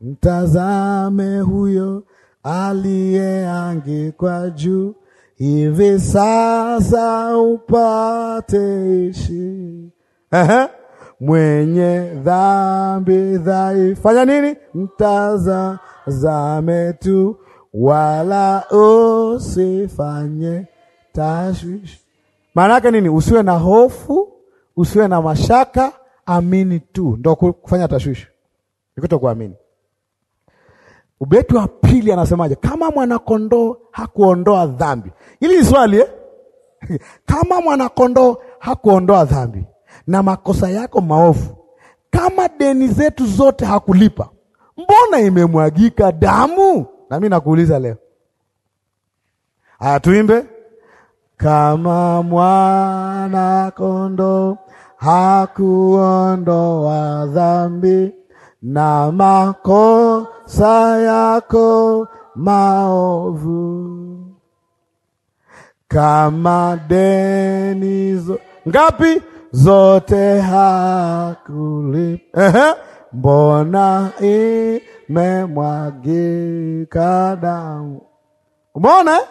mtazame huyo aliyeangikwa juu, hivi sasa upate ishi. Mwenye dhambi dhaifu, fanya nini? Mtazame tu, wala usifanye tashwishi. Maana yake nini? Usiwe na hofu, usiwe na mashaka, amini tu. Ndo kufanya tashwishi, nikutokuamini ubeti wa pili anasemaje? Kama mwanakondoo hakuondoa dhambi. Hili ni swali eh? (laughs) Kama mwanakondoo hakuondoa dhambi na makosa yako maovu, kama deni zetu zote hakulipa, mbona imemwagika damu? Na mimi nakuuliza leo, haya tuimbe kama mwana hakuondoa dhambi na mako saa yako maovu kama deni zo, ngapi zote hakulipa. Ehe, mbona imemwagika damu? Umeona eh?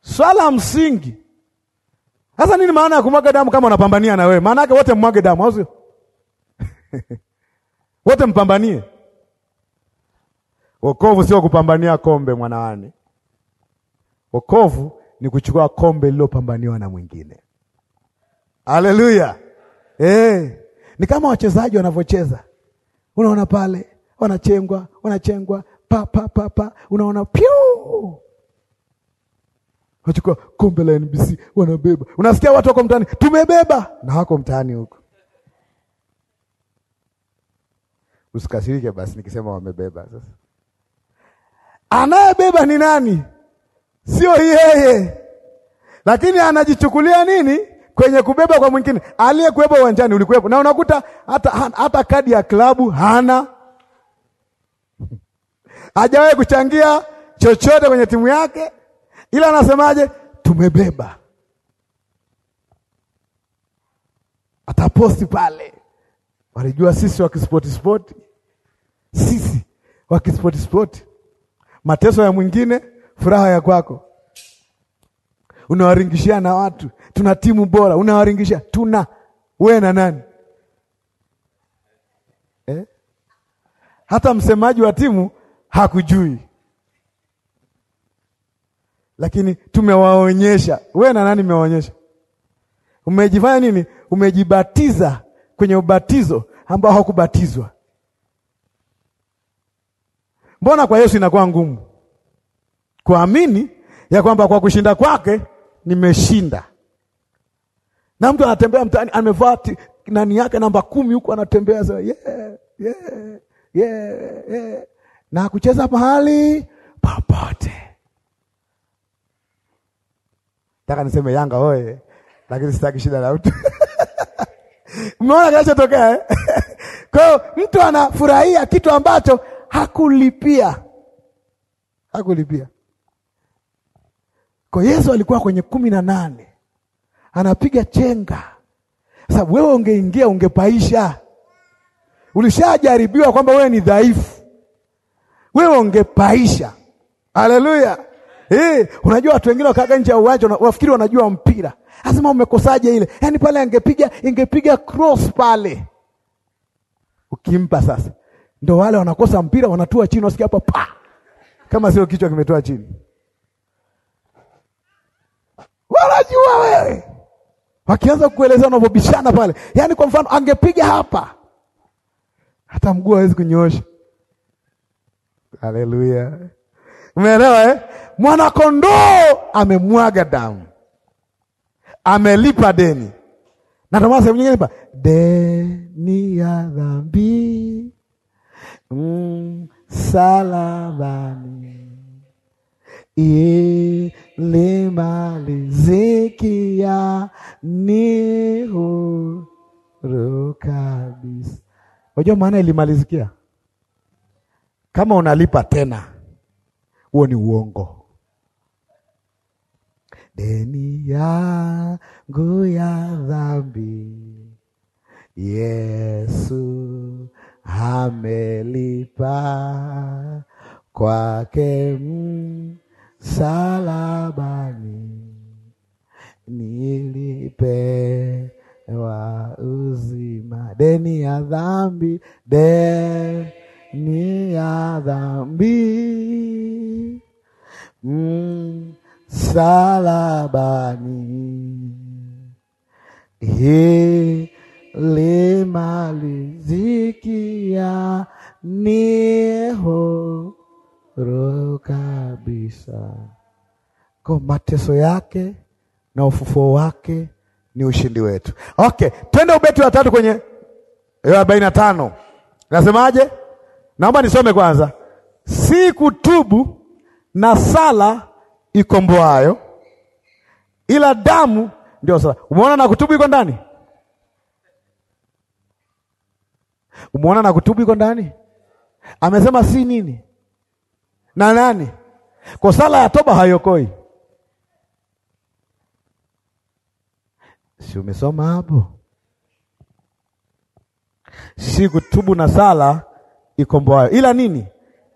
swala msingi sasa. Nini maana ya kumwaga damu? Kama unapambania na wewe, maana yake wote mmwage damu, au sio? (laughs) wote mpambanie Wokovu sio kupambania kombe mwanawani Wokovu ni kuchukua kombe lililopambaniwa na mwingine. Haleluya! Eh, ni kama wachezaji wanavyocheza, unaona pale wanachengwa, wanachengwa pa pa pa pa, unaona piu, wachukua kombe la NBC wanabeba. Unasikia watu wako mtaani, tumebeba, na wako mtaani huko. Usikasirike basi nikisema wamebeba sasa Anayebeba ni nani? Sio yeye, lakini anajichukulia nini kwenye kubeba kwa mwingine. Aliyekuwepo uwanjani ulikuwepo, na unakuta hata, hata kadi ya klabu hana, hajawahi kuchangia chochote kwenye timu yake, ila anasemaje? Tumebeba. Ataposti pale, walijua sisi wakispoti spoti, sisi wakispoti spoti mateso ya mwingine, furaha ya kwako. Unawaringishia na watu, tuna timu bora, unawaringishia tuna we na nani eh? Hata msemaji wa timu hakujui, lakini tumewaonyesha. We na nani mewaonyesha? Umejifanya nini? Umejibatiza kwenye ubatizo ambao hakubatizwa Mbona kwa Yesu inakuwa ngumu kuamini ya kwamba kwa kushinda kwake nimeshinda? Na mtu anatembea mtaani amevaa nani yake namba kumi huku anatembea sasa, yeah, yeah, yeah, yeah. na kucheza mahali popote. taka niseme Yanga oye, lakini sitaki shida na mtu (laughs) Umeona kinachotokea eh? (laughs) Kwa hiyo mtu anafurahia kitu ambacho hakulipia, hakulipia. Kwa Yesu alikuwa kwenye kumi na nane anapiga chenga. Sababu wewe ungeingia, ungepaisha. Ulishajaribiwa kwamba wewe ni dhaifu, wewe ungepaisha. Haleluya! Eh, unajua watu wengine wakaga nje ya uwanja wafikiri wanajua mpira. Lazima umekosaje ile? Yaani pale angepiga ingepiga cross pale. Ukimpa sasa. Ndo wale wanakosa mpira wanatua chini, wasikia hapa pa kama sio kichwa kimetoa chini. Wanajua wewe, wakianza kuelezea wanavyobishana pale, yaani kwa mfano angepiga hapa, hata mguu hawezi kunyoosha. Haleluya, umeelewa eh? Mwanakondoo amemwaga damu, amelipa deni, Natamaa sehemu nyingine deni ya dhambi msalabani ilimalizikia ni huru kabisa. Wajua maana ilimalizikia? Kama unalipa tena, huo ni uongo. Deni yangu ya dhambi Yesu amelipa kwake msalabani, nilipewa uzima. Deni ya dhambi, deni ya dhambi msalabani, hii limalizikia niehoro kabisa. Kwa mateso yake na ufufuo wake ni ushindi wetu. Okay, twende ubeti wa tatu kwenye eh, arobaini na tano. Nasemaje? Naomba nisome kwanza, si kutubu na sala ikomboayo, ila damu ndio sala. Umeona na kutubu iko ndani Umeona na kutubu iko ndani. Amesema si nini na nani, kwa sala ya toba hayokoi. Si umesoma hapo? Si kutubu na sala ikomboayo, ila nini?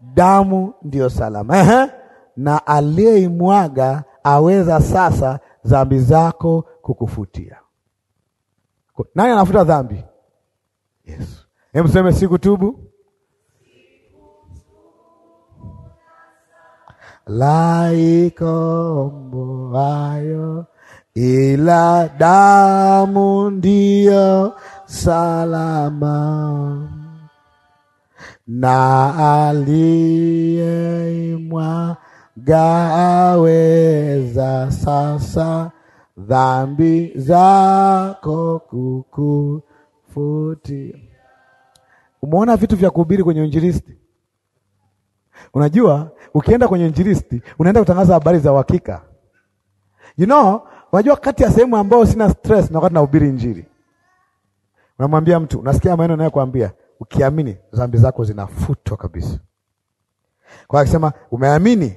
Damu ndiyo salama. Ehe, na aliyeimwaga aweza sasa dhambi zako kukufutia. Nani anafuta dhambi? Yesu. Hebu seme Laiko laikomboayo ila damu ndio salama, na aliyeimwaga gaweza sasa dhambi zako kukufutia. Umeona vitu vya kuhubiri kwenye injilisti? Unajua, ukienda kwenye injilisti unaenda kutangaza habari za uhakika. You know, unajua kati ya sehemu ambayo sina stress na wakati nahubiri injili. Unamwambia mtu, unasikia maneno anayokuambia, ukiamini dhambi zako zinafutwa kabisa. Kwa akisema umeamini,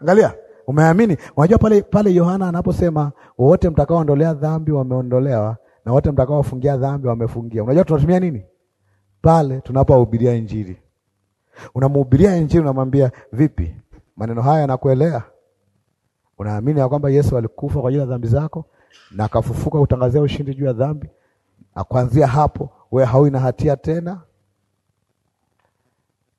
angalia, umeamini. Unajua pale pale Yohana anaposema wote mtakaoondolea dhambi wameondolewa na wote mtakaofungia dhambi wamefungia. Unajua tunatumia nini? pale tunapohubiria Injili. Unamhubiria Injili, unamwambia vipi, maneno haya yanakuelea? Unaamini ya kwamba Yesu alikufa kwa ajili ya dhambi zako na akafufuka kutangazia ushindi juu ya dhambi, na kuanzia hapo we haui na hatia tena?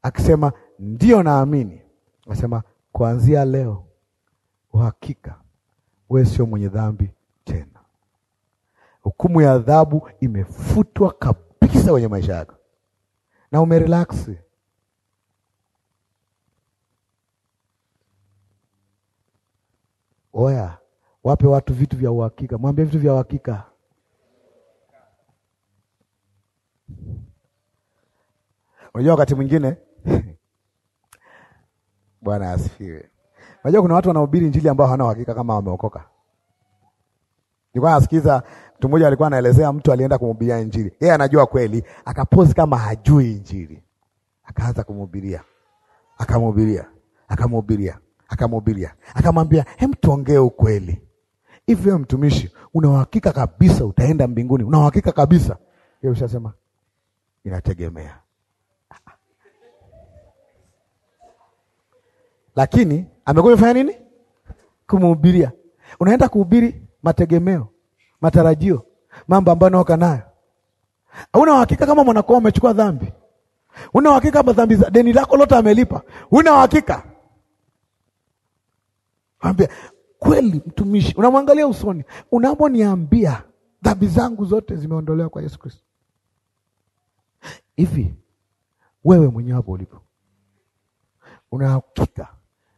Akisema ndio naamini, akasema kuanzia leo uhakika we sio mwenye dhambi tena, hukumu ya adhabu imefutwa kabisa kwenye maisha yako na umerelaksi. Oya, wape watu vitu vya uhakika, mwambie vitu vya uhakika. Unajua wakati mwingine (laughs) Bwana asifiwe. Unajua kuna watu wanahubiri injili ambao hawana uhakika kama wameokoka. Nilikuwa nasikiza mtu mmoja alikuwa anaelezea mtu alienda kumhubiria Injili. Yeye anajua kweli, akapozi kama hajui Injili, akaanza kumhubiria, akamhubiria, akamhubiria, akamhubiria, akamwambia hem, tuongee ukweli hivi, wewe mtumishi, una uhakika kabisa utaenda mbinguni? Una uhakika kabisa? Yeye ushasema inategemea lakini amekuja kufanya nini? Kumhubiria. Unaenda kuhubiri mategemeo, matarajio, mambo ambayo naoka nayo. Una uhakika kama mwanakoa amechukua dhambi? Una uhakika kama dhambi za deni lako lote amelipa? Una uhakika? Ambia kweli, mtumishi, unamwangalia usoni, unaponiambia dhambi zangu zote zimeondolewa kwa Yesu Kristo. Hivi wewe mwenyewe hapo ulipo, una uhakika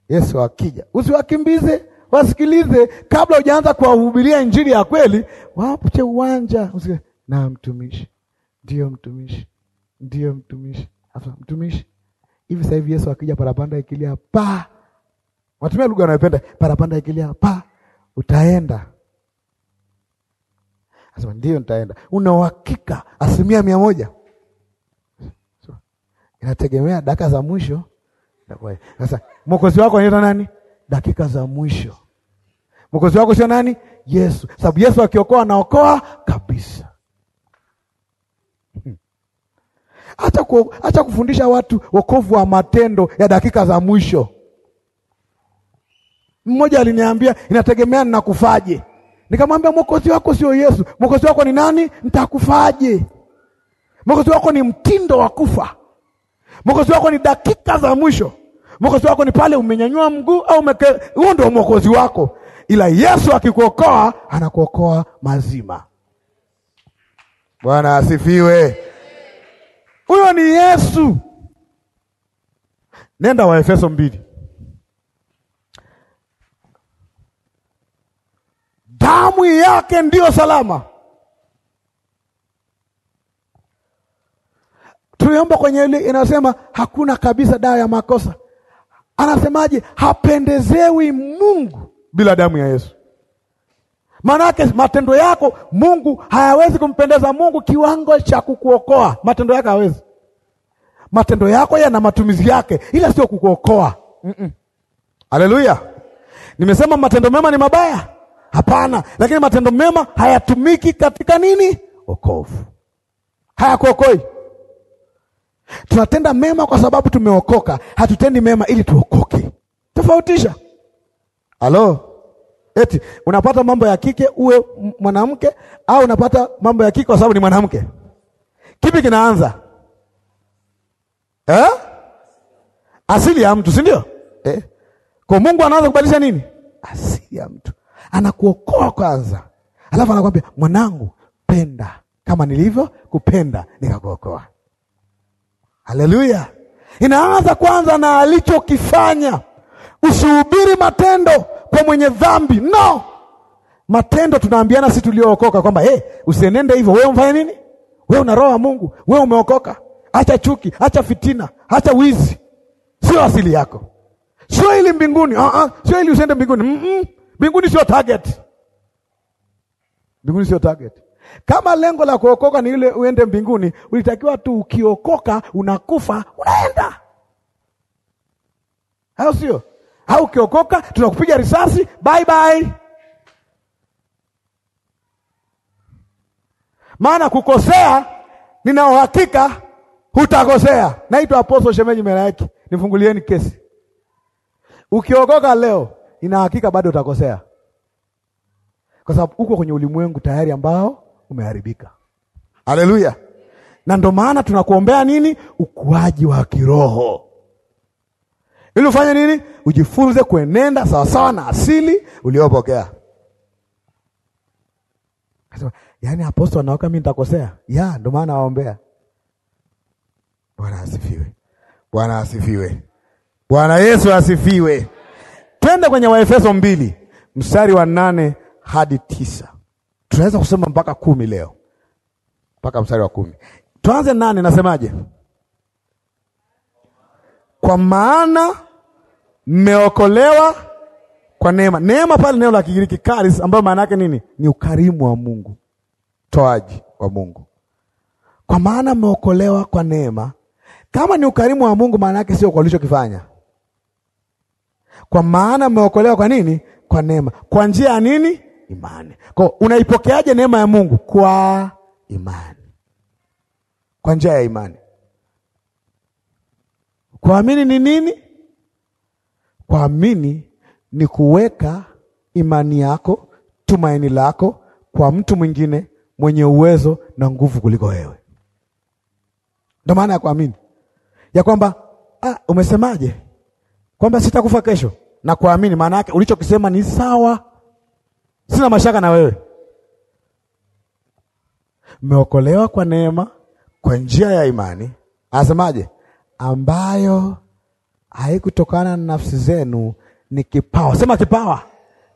Yesu akija, usiwakimbize wasikilize kabla hujaanza kuwahubiria injili ya kweli, wapche uwanja. Na mtumishi ndio mtumishi ndio mtumishi Afa, mtumishi hivi sasa hivi Yesu akija parapanda ikilia pa watumia lugha wanayopenda, parapanda ikilia pa, utaenda asema ndio nitaenda. Una uhakika asilimia mia moja? Inategemea dakika za mwisho. Sasa mwokozi wako anaitwa nani? dakika za mwisho. Mwokozi wako sio nani? Yesu, sababu Yesu akiokoa anaokoa kabisa. Hmm. hata ku, kufundisha watu wokovu wa matendo ya dakika za mwisho. Mmoja aliniambia inategemea ninakufaje. Nikamwambia mwokozi wako sio Yesu, mwokozi wako ni nani? Nitakufaje? Mwokozi wako ni mtindo wa kufa. Mwokozi wako ni dakika za mwisho. Mwokozi wako ni pale umenyanyua mguu au umeke, huo ndio mwokozi wako, ila Yesu akikuokoa anakuokoa mazima. Bwana asifiwe. Huyo ni Yesu. Nenda wa Efeso mbili. Damu yake ndiyo salama. Tuliomba kwenye ile inasema hakuna kabisa dawa ya makosa anasemaje? Hapendezewi Mungu bila damu ya Yesu. Maanake matendo yako Mungu hayawezi kumpendeza Mungu kiwango cha kukuokoa. Matendo yako hayawezi, matendo yako yana matumizi yake, ila sio kukuokoa. mm -mm. Nimesema matendo mema ni mabaya? Hapana, lakini matendo mema hayatumiki katika nini? Okovu hayakuokoi. Tunatenda mema kwa sababu tumeokoka, hatutendi mema ili tuokoke. Tofautisha. Halo? Eti unapata mambo ya kike uwe mwanamke au unapata mambo ya kike kwa sababu ni mwanamke? Kipi kinaanza eh? Asili ya mtu, si ndio? Eh? Kwa Mungu anaanza kubadilisha nini? Asili ya mtu, anakuokoa kwanza, alafu anakwambia mwanangu, penda kama nilivyo kupenda nikakuokoa. Haleluya! Inaanza kwanza na alichokifanya. Usihubiri matendo kwa mwenye dhambi, no. Matendo tunaambiana sisi tuliookoka kwamba hey, eh, usienende hivyo. Wewe umfanye nini? Wewe una roho ya Mungu, wewe umeokoka. Acha chuki, acha fitina, acha wizi, sio asili yako, sio ili mbinguni. uh -uh. Sio ili usiende mbinguni. mm -mm. Mbinguni sio target, mbinguni sio target. Kama lengo la kuokoka ni ile uende mbinguni, ulitakiwa tu ukiokoka unakufa unaenda, au sio? Au ukiokoka tunakupiga risasi, bye bye. Maana kukosea, nina uhakika hutakosea. Naitwa Aposto Shemeji Melaiki, nifungulieni kesi. Ukiokoka leo, ina hakika bado utakosea, kwa sababu uko kwenye ulimwengu tayari ambao umeharibika. Haleluya! Na ndo maana tunakuombea nini? Ukuaji wa kiroho, ili ufanye nini? Ujifunze kuenenda sawasawa na asili uliopokea. yaani apostol anawaka, mi nitakosea ya, ndo maana waombea. Bwana asifiwe, Bwana asifiwe, Bwana Yesu asifiwe. Twende kwenye Waefeso mbili mstari wa nane hadi tisa tunaweza kusoma mpaka kumi leo, mpaka mstari wa kumi. Tuanze nane, nasemaje? Kwa maana mmeokolewa kwa neema. Neema pale neno la Kigiriki charis, ambayo maana yake nini? Ni ukarimu wa Mungu, toaji wa Mungu. Kwa maana mmeokolewa kwa neema. Kama ni ukarimu wa Mungu, maana yake sio kwa ulichokifanya. Kwa maana mmeokolewa kwa nini? Kwa neema. Kwa njia ya nini? imani. Kwa unaipokeaje neema ya Mungu? Kwa imani, kwa njia ya imani. Kuamini ni nini? Kuamini ni kuweka imani yako, tumaini lako kwa mtu mwingine mwenye uwezo na nguvu kuliko wewe. Ndio maana ya kuamini ya kwamba ah, umesemaje kwamba sitakufa kesho na kuamini, maana yake ulichokisema ni sawa. Sina mashaka na wewe. Mmeokolewa kwa neema kwa njia ya imani, anasemaje? Ambayo haikutokana na nafsi zenu, ni kipawa. Sema kipawa,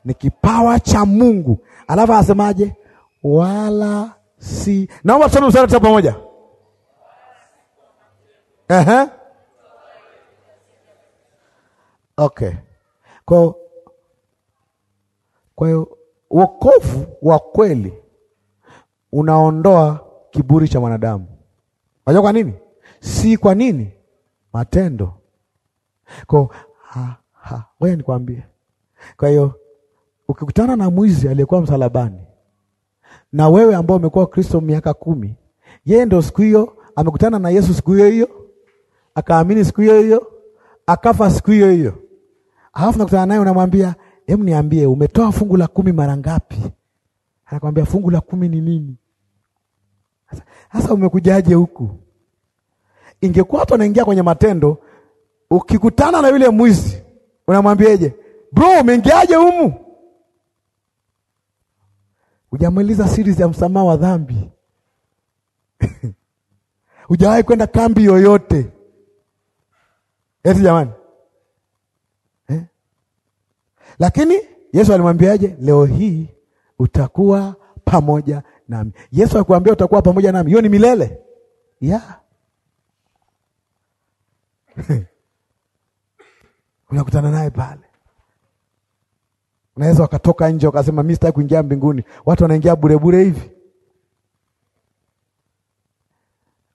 ni kipawa cha Mungu. Alafu anasemaje? Wala si, naomba tusome mstari tisa pamoja. Ehe, okay. Kwa hiyo Wokovu wa kweli unaondoa kiburi cha mwanadamu. Unajua kwa nini? Si kwa nini? Matendo. Ko weye nikwambie. Kwa hiyo ukikutana na mwizi aliyekuwa msalabani na wewe ambao umekuwa Kristo miaka kumi, yeye ndo siku hiyo amekutana na Yesu siku hiyo hiyo, akaamini siku hiyo hiyo, akafa siku hiyo hiyo, alafu nakutana naye, unamwambia Hebu niambie umetoa fungu la kumi mara ngapi? Anakwambia fungu la kumi ni nini? Sasa umekujaje huku? Ingekuwa watu wanaingia kwenye matendo, ukikutana na yule mwizi unamwambieje? Bro, umeingiaje humu? ujamweliza series ya msamaha wa dhambi. (laughs) Ujawahi kwenda kambi yoyote. Eti jamani. Lakini Yesu alimwambiaje? Leo hii utakuwa pamoja nami. Yesu akwambia utakuwa pamoja nami, hiyo ni milele yeah. (laughs) Unakutana naye pale, unaweza wakatoka nje wakasema mi sitaki kuingia mbinguni. Watu wanaingia burebure hivi,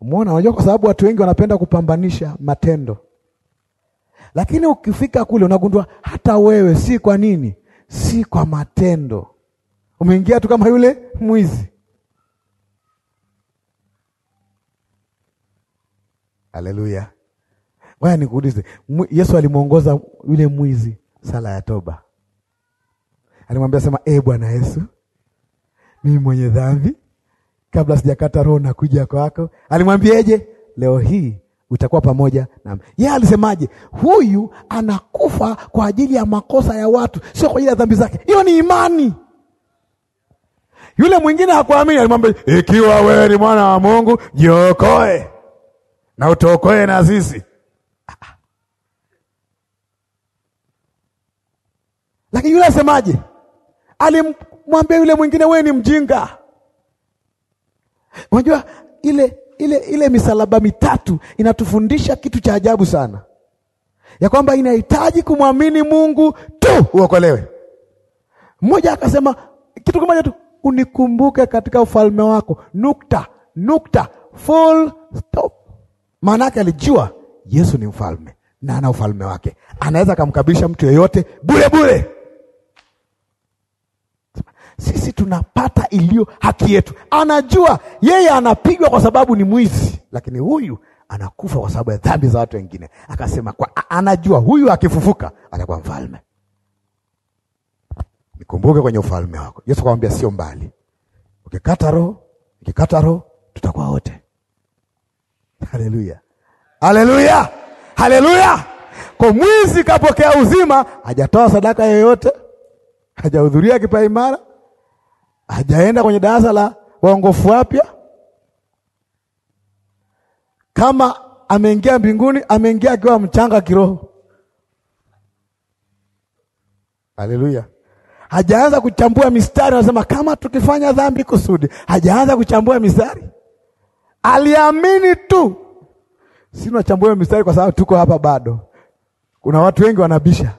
mwona. Unajua, kwa sababu watu wengi wanapenda kupambanisha matendo lakini ukifika kule unagundua hata wewe si kwa nini? Si kwa matendo. Umeingia tu kama yule mwizi. Haleluya. Waya nikuulize, Yesu alimwongoza yule mwizi sala ya toba. Alimwambia sema, e Bwana Yesu, mimi mwenye dhambi, kabla sijakata roho na kuja kwako. Alimwambiaje? Leo hii utakuwa pamoja nami. Yeye alisemaje? Huyu anakufa kwa ajili ya makosa ya watu, sio kwa ajili ya dhambi zake. Hiyo ni imani. Yule mwingine hakuamini, alimwambia, ikiwa wewe ni mwana wa Mungu, jiokoe na utokoe na sisi. Lakini yule asemaje? Alimwambia yule mwingine, wewe ni mjinga. Unajua ile ile, ile misalaba mitatu inatufundisha kitu cha ajabu sana, ya kwamba inahitaji kumwamini Mungu tu uokolewe. Mmoja akasema kitu kimoja tu, unikumbuke katika ufalme wako, nukta nukta, full stop. Maana yake alijua Yesu ni mfalme na ana ufalme wake, anaweza akamkabilisha mtu yeyote bure bure sisi tunapata iliyo haki yetu. Anajua yeye anapigwa kwa sababu ni mwizi, lakini huyu anakufa kwa sababu ya dhambi za watu wengine. Akasema kwa anajua huyu akifufuka atakuwa mfalme, nikumbuke kwenye ufalme wako. Yesu akamwambia sio mbali, ukikata roho, ukikata roho tutakuwa wote. Haleluya, haleluya, haleluya! Kwa mwizi kapokea uzima, hajatoa sadaka yoyote, hajahudhuria kipaimara, hajaenda kwenye darasa la waongofu wapya. Kama ameingia mbinguni, ameingia akiwa mchanga kiroho. Haleluya! hajaanza kuchambua mistari, anasema kama tukifanya dhambi kusudi. Hajaanza kuchambua mistari, aliamini tu. Si nachambua mistari kwa sababu tuko hapa bado, kuna watu wengi wanabisha,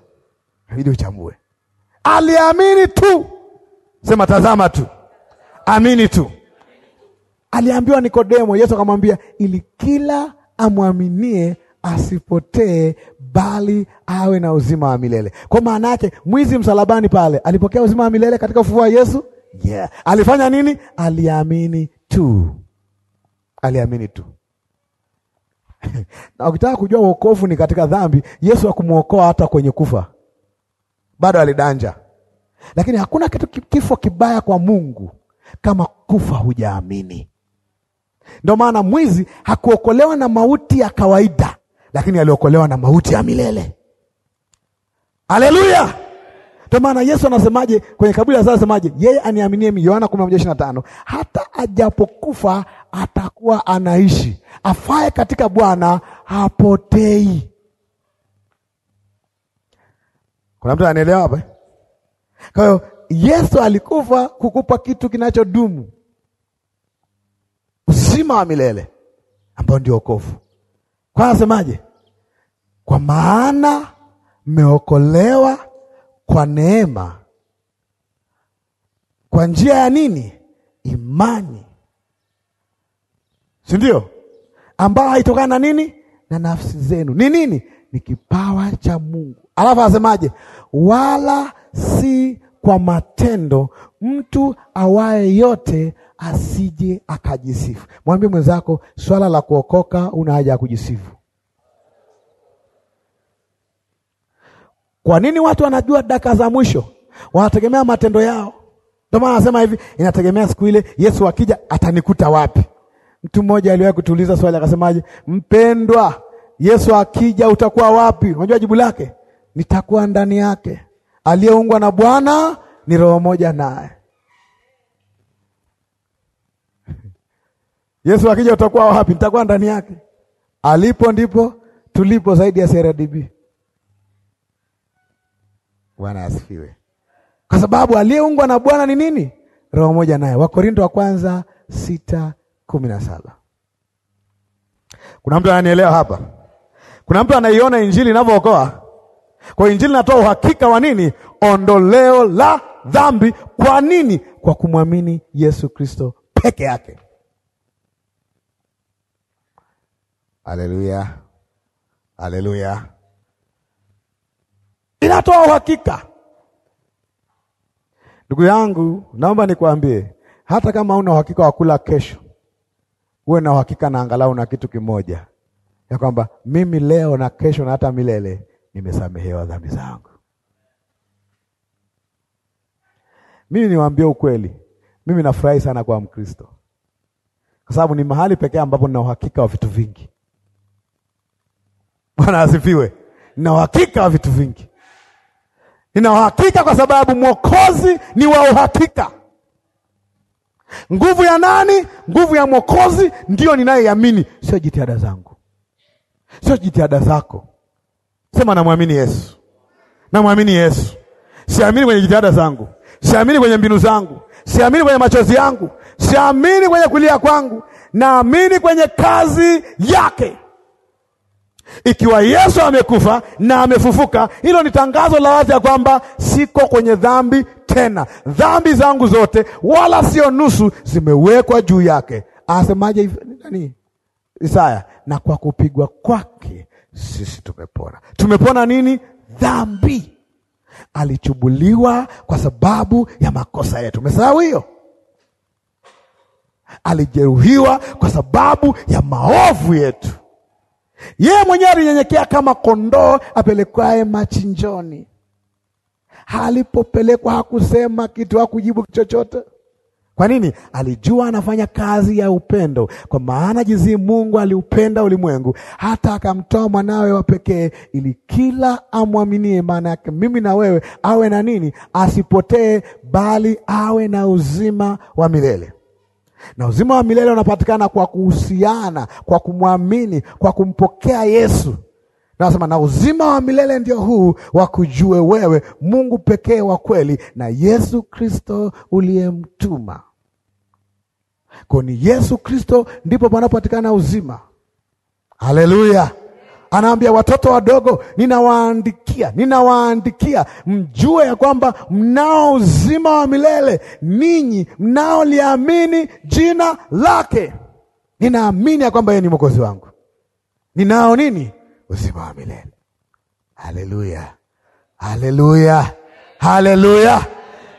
inabidi uchambue. Aliamini tu Sema tazama tu, amini tu. Aliambiwa Nikodemo, Yesu akamwambia ili kila amwaminie asipotee bali awe na uzima wa milele. Kwa maana yake mwizi msalabani pale alipokea uzima wa milele katika ufufuo wa Yesu. Yeah. Alifanya nini? Aliamini tu. Aliamini tu. (laughs) Na ukitaka kujua wokovu ni katika dhambi, Yesu hakumwokoa hata kwenye kufa. Bado alidanja. Lakini hakuna kitu kifo kibaya kwa Mungu kama kufa hujaamini. Ndio maana mwizi hakuokolewa na mauti ya kawaida, lakini aliokolewa na mauti ya milele. aleluya Ndio maana Yesu anasemaje kwenye kaburi sasa, anasemaje? Yeye aniaminie mimi, Yohana 11:25, hata ajapokufa atakuwa anaishi, afaye katika Bwana hapotei. Kuna mtu anaelewa hapa? Kwa hiyo Yesu alikufa kukupa kitu kinachodumu, uzima wa milele ambao ndio wokovu. Kwa anasemaje? Kwa maana mmeokolewa kwa neema, kwa njia ya nini? Imani, si ndio? ambayo haitokana na nini? Na nafsi zenu. Ni nini? Ni kipawa cha Mungu. Alafu anasemaje? Wala si kwa matendo, mtu awaye yote asije akajisifu. Mwambie mwenzako, swala la kuokoka una haja ya kujisifu. Kwa nini watu wanajua dakika za mwisho? Wanategemea matendo yao. Ndio maana anasema hivi, inategemea siku ile Yesu akija atanikuta wapi. Mtu mmoja aliwahi kutuuliza swali akasemaje, mpendwa, Yesu akija utakuwa wapi? Unajua jibu lake, nitakuwa ndani yake aliyeungwa na Bwana ni roho moja naye. (laughs) Yesu akija utakuwa wapi? Nitakuwa ndani yake. Alipo ndipo tulipo, zaidi ya CRDB. Bwana asifiwe. Kwa sababu aliyeungwa na Bwana ni nini? Roho moja naye. Wakorinto wa kwanza sita kumi na saba. Kuna mtu ananielewa hapa? Kuna mtu anaiona injili inavyookoa? Kwa injili inatoa uhakika wa nini? Ondoleo la dhambi. Kwa nini? Kwa kumwamini Yesu Kristo peke yake. Haleluya, haleluya! Inatoa uhakika. Ndugu yangu, naomba nikwambie, hata kama una uhakika wa kula kesho, uwe na uhakika na angalau na kitu kimoja, ya kwamba mimi leo na kesho na hata milele nimesamehewa dhambi zangu. Mimi niwaambie ukweli, mimi nafurahi sana kwa Mkristo kwa sababu ni mahali pekee ambapo nina uhakika wa vitu vingi. Bwana asifiwe. Nina uhakika wa vitu vingi, nina uhakika kwa sababu mwokozi ni wa uhakika. Nguvu ya nani? Nguvu ya mwokozi ndiyo ninayeamini sio jitihada zangu, sio jitihada zako. Sema namwamini Yesu, namwamini Yesu. Siamini kwenye jitihada zangu, siamini kwenye mbinu zangu, siamini kwenye machozi yangu, siamini kwenye kulia kwangu, naamini kwenye kazi yake. Ikiwa Yesu amekufa na amefufuka, hilo ni tangazo la wazi ya kwamba siko kwenye dhambi tena. Dhambi zangu zote, wala sio nusu, zimewekwa juu yake. Asemaje nani? Isaya, na kwa kupigwa kwake sisi tumepona. Tumepona nini? Dhambi. Alichubuliwa kwa sababu ya makosa yetu. Umesahau hiyo? Alijeruhiwa kwa sababu ya maovu yetu. Yeye mwenyewe alinyenyekea kama kondoo apelekwaye machinjoni. halipopelekwa hakusema kitu, hakujibu chochote. Kwa nini? Alijua anafanya kazi ya upendo, kwa maana jinsi Mungu aliupenda ulimwengu hata akamtoa mwanawe wa pekee, ili kila amwaminie, maana yake mimi na wewe, awe na nini? Asipotee, bali awe na uzima wa milele. Na uzima wa milele unapatikana kwa kuhusiana, kwa kumwamini, kwa kumpokea Yesu. Nasema na uzima wa milele ndio huu wakujue wewe Mungu pekee wa kweli na Yesu Kristo uliyemtuma. Kwa ni Yesu Kristo ndipo panapatikana uzima. Haleluya! Anaambia watoto wadogo, ninawaandikia, ninawaandikia mjue ya kwamba mnao uzima wa milele ninyi mnaoliamini jina lake. Ninaamini ya kwamba yeye ni mwokozi wangu, ninao nini? Uzima wa milele. Haleluya, haleluya, haleluya!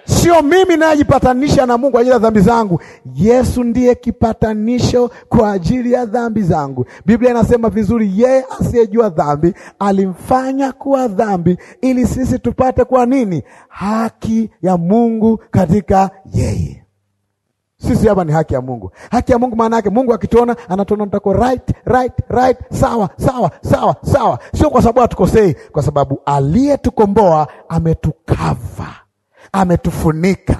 sio mimi nayejipatanisha na Mungu kwa ajili ya dhambi zangu. Yesu ndiye kipatanisho kwa ajili ya dhambi zangu. Biblia inasema vizuri, yeye asiyejua dhambi alimfanya kuwa dhambi ili sisi tupate kwa nini? Haki ya Mungu katika yeye. Sisi hapa ni haki ya Mungu. Haki ya Mungu maana yake Mungu akituona anatuona mtako right, right, right, sawa sawa sawa sawa, sio kwa sababu hatukosei, kwa sababu aliyetukomboa ametukava ametufunika.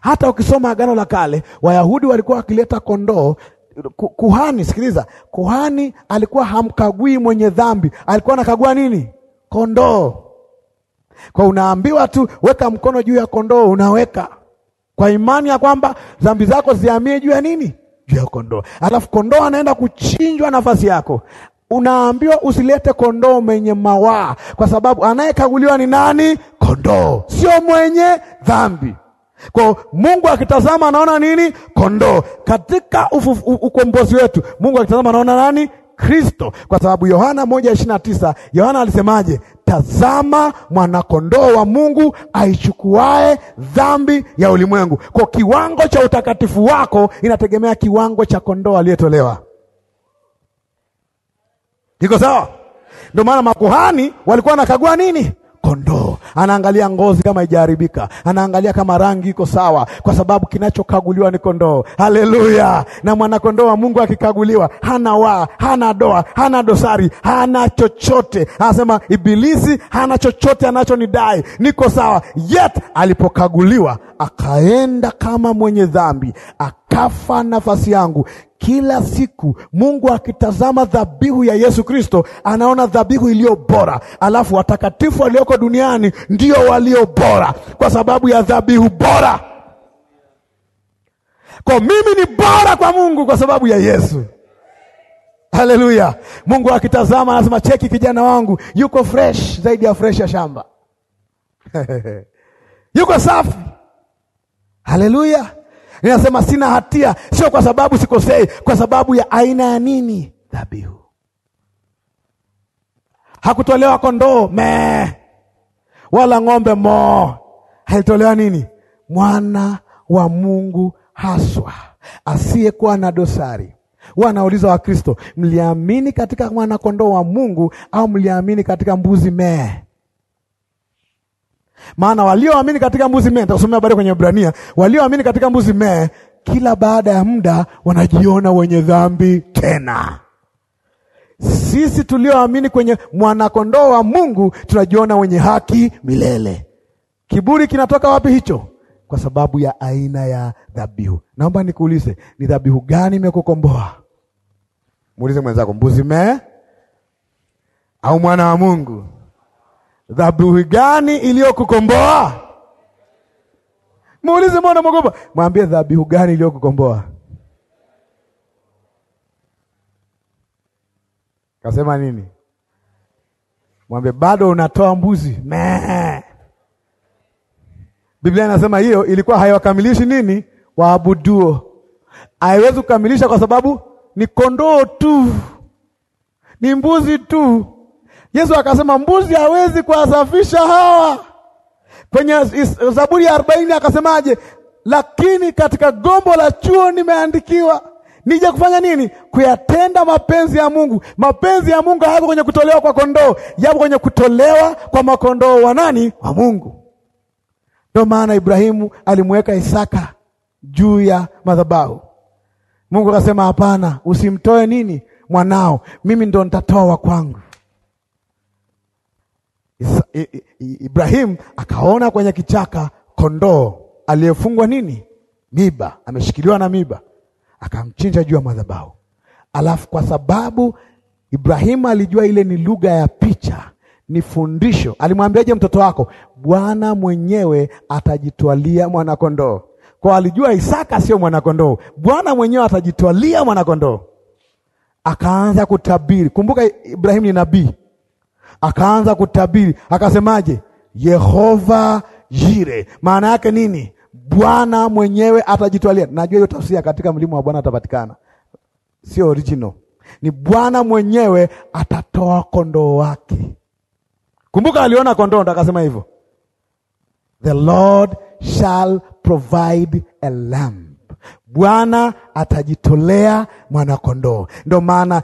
Hata ukisoma Agano la Kale, Wayahudi walikuwa wakileta kondoo kuhani. Sikiliza, kuhani alikuwa hamkagui mwenye dhambi, alikuwa anakagua nini? Kondoo. Kwa unaambiwa tu weka mkono juu ya kondoo, unaweka kwa imani ya kwamba dhambi zako ziamie juu ya nini? Juu ya kondoo. Alafu kondoo anaenda kuchinjwa nafasi yako, Unaambiwa usilete kondoo mwenye mawaa, kwa sababu anayekaguliwa ni nani? Kondoo, sio mwenye dhambi. Kwa Mungu akitazama anaona nini? Kondoo. Katika ukombozi wetu Mungu akitazama anaona nani? Kristo, kwa sababu Yohana moja ishirini na tisa Yohana alisemaje? Tazama mwanakondoo wa Mungu aichukuae dhambi ya ulimwengu. Kwa kiwango cha utakatifu wako inategemea kiwango cha kondoo aliyetolewa. Iko sawa? Ndio maana makuhani walikuwa wanakagua nini? Kondoo. Anaangalia ngozi kama haijaharibika, anaangalia kama rangi iko sawa, kwa sababu kinachokaguliwa ni kondoo. Haleluya! Na mwanakondoo wa Mungu akikaguliwa, hana waa, hana doa, hana dosari, hana chochote. Anasema Ibilisi hana chochote anachonidai, niko sawa. Yet alipokaguliwa, akaenda kama mwenye dhambi, akafa nafasi yangu. Kila siku Mungu akitazama dhabihu ya Yesu Kristo anaona dhabihu iliyo bora, alafu watakatifu walioko duniani ndio walio bora kwa sababu ya dhabihu bora. Kwa mimi ni bora kwa Mungu kwa sababu ya Yesu. Haleluya! Mungu akitazama anasema, cheki kijana wangu yuko fresh zaidi ya fresh ya shamba (laughs) yuko safi. Haleluya! Ninasema sina hatia, sio kwa sababu sikosei, kwa sababu ya aina ya nini? Dhabihu hakutolewa kondoo me wala ng'ombe moo, haitolewa nini? Mwana wa Mungu haswa, asiyekuwa na dosari. Wanauliza Wakristo, mliamini katika mwana kondoo wa Mungu au mliamini katika mbuzi mee? Maana walioamini katika mbuzi mee, nitakusomea habari kwenye Ibrania, walioamini katika mbuzi mee, kila baada ya muda wanajiona wenye dhambi tena. Sisi tulioamini kwenye mwanakondoo wa Mungu tunajiona wenye haki milele. Kiburi kinatoka wapi hicho? Kwa sababu ya aina ya dhabihu. Naomba nikuulize, ni dhabihu gani imekukomboa? Muulize mwenzako, mbuzi mee au mwana wa Mungu? dhabihu gani iliyokukomboa? Muulize, mbona mwogopa? Mwambie, dhabihu gani iliyokukomboa? Kasema nini? Mwambie, bado unatoa mbuzi Mee. Biblia inasema hiyo ilikuwa haiwakamilishi nini, waabuduo. Haiwezi kukamilisha kwa sababu ni kondoo tu, ni mbuzi tu. Yesu akasema mbuzi hawezi kuwasafisha hawa. Kwenye Zaburi ya arobaini akasemaje? Lakini katika gombo la chuo nimeandikiwa nije kufanya nini? Kuyatenda mapenzi ya Mungu. Mapenzi ya Mungu hayako kwenye kutolewa kwa kondoo, yapo kwenye kutolewa kwa makondoo wa nani? Wa Mungu. Ndio maana Ibrahimu alimweka Isaka juu ya madhabahu. Mungu akasema hapana, usimtoe nini mwanao, mimi ndo nitatoa wa kwangu ibrahim akaona kwenye kichaka kondoo aliyefungwa nini, miba, ameshikiliwa na miba, akamchinja juu ya madhabahu. Alafu kwa sababu ibrahim alijua ile ni lugha ya picha, ni fundisho. Alimwambiaje mtoto wako? Bwana mwenyewe atajitwalia mwanakondoo. Kwa alijua Isaka sio mwanakondoo, Bwana mwenyewe atajitwalia mwanakondoo. Akaanza kutabiri. Kumbuka ibrahim ni nabii akaanza kutabiri, akasemaje? Yehova Jire, maana yake nini? Bwana mwenyewe atajitwalia. Najua hiyo tafsiri katika mlima wa Bwana atapatikana, sio original. Ni Bwana mwenyewe atatoa kondoo wake. Kumbuka aliona kondoo ndo akasema hivyo, the Lord shall provide a lamb. Bwana atajitolea mwanakondoo. Ndo maana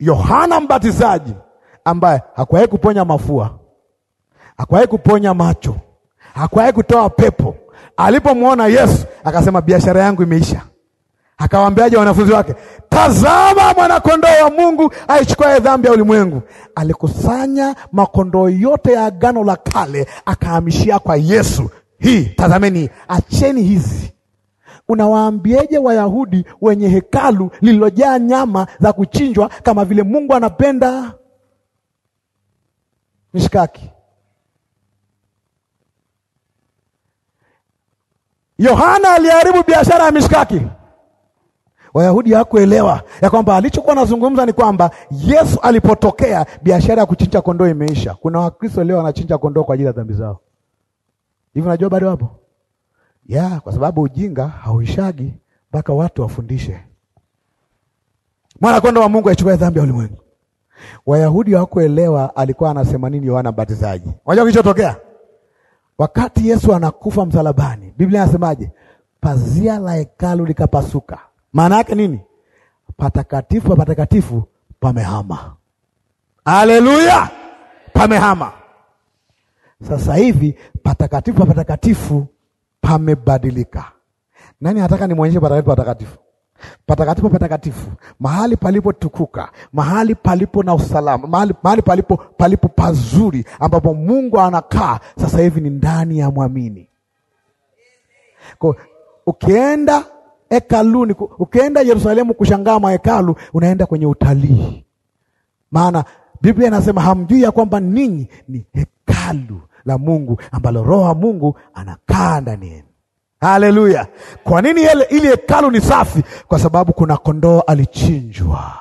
Yohana Mbatizaji ambaye hakuwahi kuponya mafua, hakuwahi kuponya macho, hakuwahi kutoa pepo. Alipomwona Yesu akasema, biashara yangu imeisha. Akawaambiaje wanafunzi wake? Tazama mwanakondoo wa Mungu aichukuaye dhambi ya ulimwengu. Alikusanya makondoo yote ya agano la kale, akahamishia kwa Yesu. Hii tazameni, acheni hizi. Unawaambieje Wayahudi wenye hekalu lililojaa nyama za kuchinjwa kama vile Mungu anapenda? mishkaki. Yohana aliharibu biashara ya mishkaki. Wayahudi hawakuelewa ya kwamba alichokuwa anazungumza ni kwamba Yesu alipotokea biashara ya kuchinja kondoo imeisha. Kuna Wakristo leo wanachinja kondoo kwa ajili ya dhambi zao. Hivi unajua bado hapo? Ya, kwa sababu ujinga hauishagi mpaka watu wafundishe. Mwana kondoo wa Mungu achukue dhambi ya ulimwengu. Wayahudi hawakuelewa alikuwa anasema nini Yohana Mbatizaji. Unajua kilichotokea wakati Yesu anakufa msalabani, Biblia inasemaje? Pazia la hekalu likapasuka. Maana yake nini? Patakatifu pa patakatifu pamehama. Haleluya, pamehama. Sasa hivi patakatifu pa patakatifu pamebadilika. Nani anataka nimwonyeshe patakatifu patakatifu? patakatifu patakatifu, mahali palipotukuka, mahali palipo na usalama, mahali, mahali palipo palipo pazuri ambapo Mungu anakaa sasa hivi ni ndani ya mwamini. Kwa ukienda hekaluni, ukienda Yerusalemu kushangaa mahekalu, unaenda kwenye utalii, maana Biblia inasema hamjui ya kwamba ninyi ni hekalu la Mungu ambalo Roho wa Mungu anakaa ndani yenu. Haleluya! Kwa nini ili hekalu ni safi? Kwa sababu kuna kondoo alichinjwa,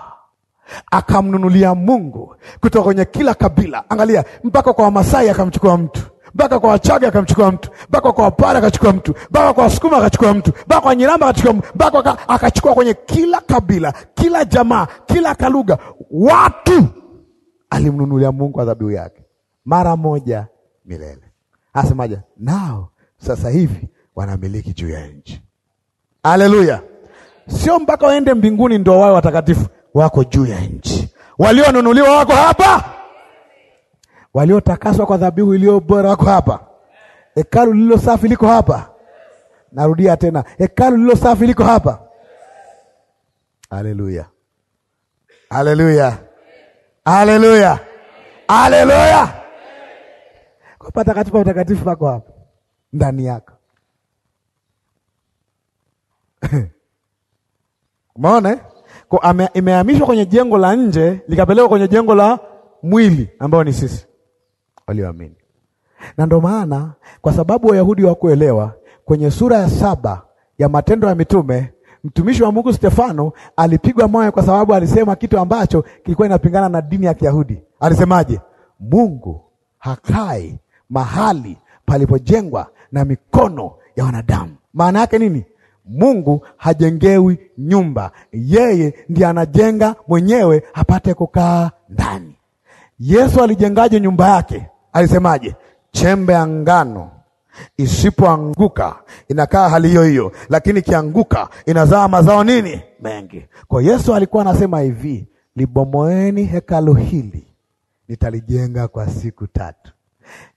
akamnunulia Mungu kutoka kwenye kila kabila. Angalia, mpaka kwa Wamasai akamchukua mtu, mpaka kwa Wachaga akamchukua mtu, mpaka kwa Wapare akachukua mtu, mpaka kwa Wasukuma akachukua mtu, mpaka kwa Nyiramba akachukua mtu, mpaka akachukua kwenye kila kabila, kila jamaa, kila kalugha, watu alimnunulia Mungu adhabu yake mara moja milele. Asemaje nao sasa hivi wanamiliki juu ya nchi. Haleluya! Sio mpaka waende mbinguni ndio wawe watakatifu, wako juu ya nchi. Walionunuliwa wako hapa, waliotakaswa kwa dhabihu iliyo bora wako hapa, hekalu lililo safi liko hapa. Narudia tena, hekalu lililo safi liko hapa. Haleluya, haleluya, haleluya, haleluya! Kwa patakatifu pako hapa ndani yako. (coughs) Umeona? Eh? Imehamishwa kwenye jengo la nje likapelekwa kwenye jengo la mwili ambao ni sisi walioamini. Na ndio maana kwa sababu Wayahudi hawakuelewa, kwenye sura ya saba ya Matendo ya Mitume mtumishi wa Mungu Stefano alipigwa moyo kwa sababu alisema kitu ambacho kilikuwa inapingana na dini ya Kiyahudi. Alisemaje? Mungu hakai mahali palipojengwa na mikono ya wanadamu. Maana yake nini? Mungu hajengewi nyumba, yeye ndiye anajenga mwenyewe apate kukaa ndani. Yesu alijengaje nyumba yake? Alisemaje? chembe ya ngano isipoanguka inakaa hali hiyo hiyo, lakini ikianguka inazaa mazao nini? Mengi. Kwa Yesu alikuwa anasema hivi, libomoeni hekalu hili nitalijenga kwa siku tatu.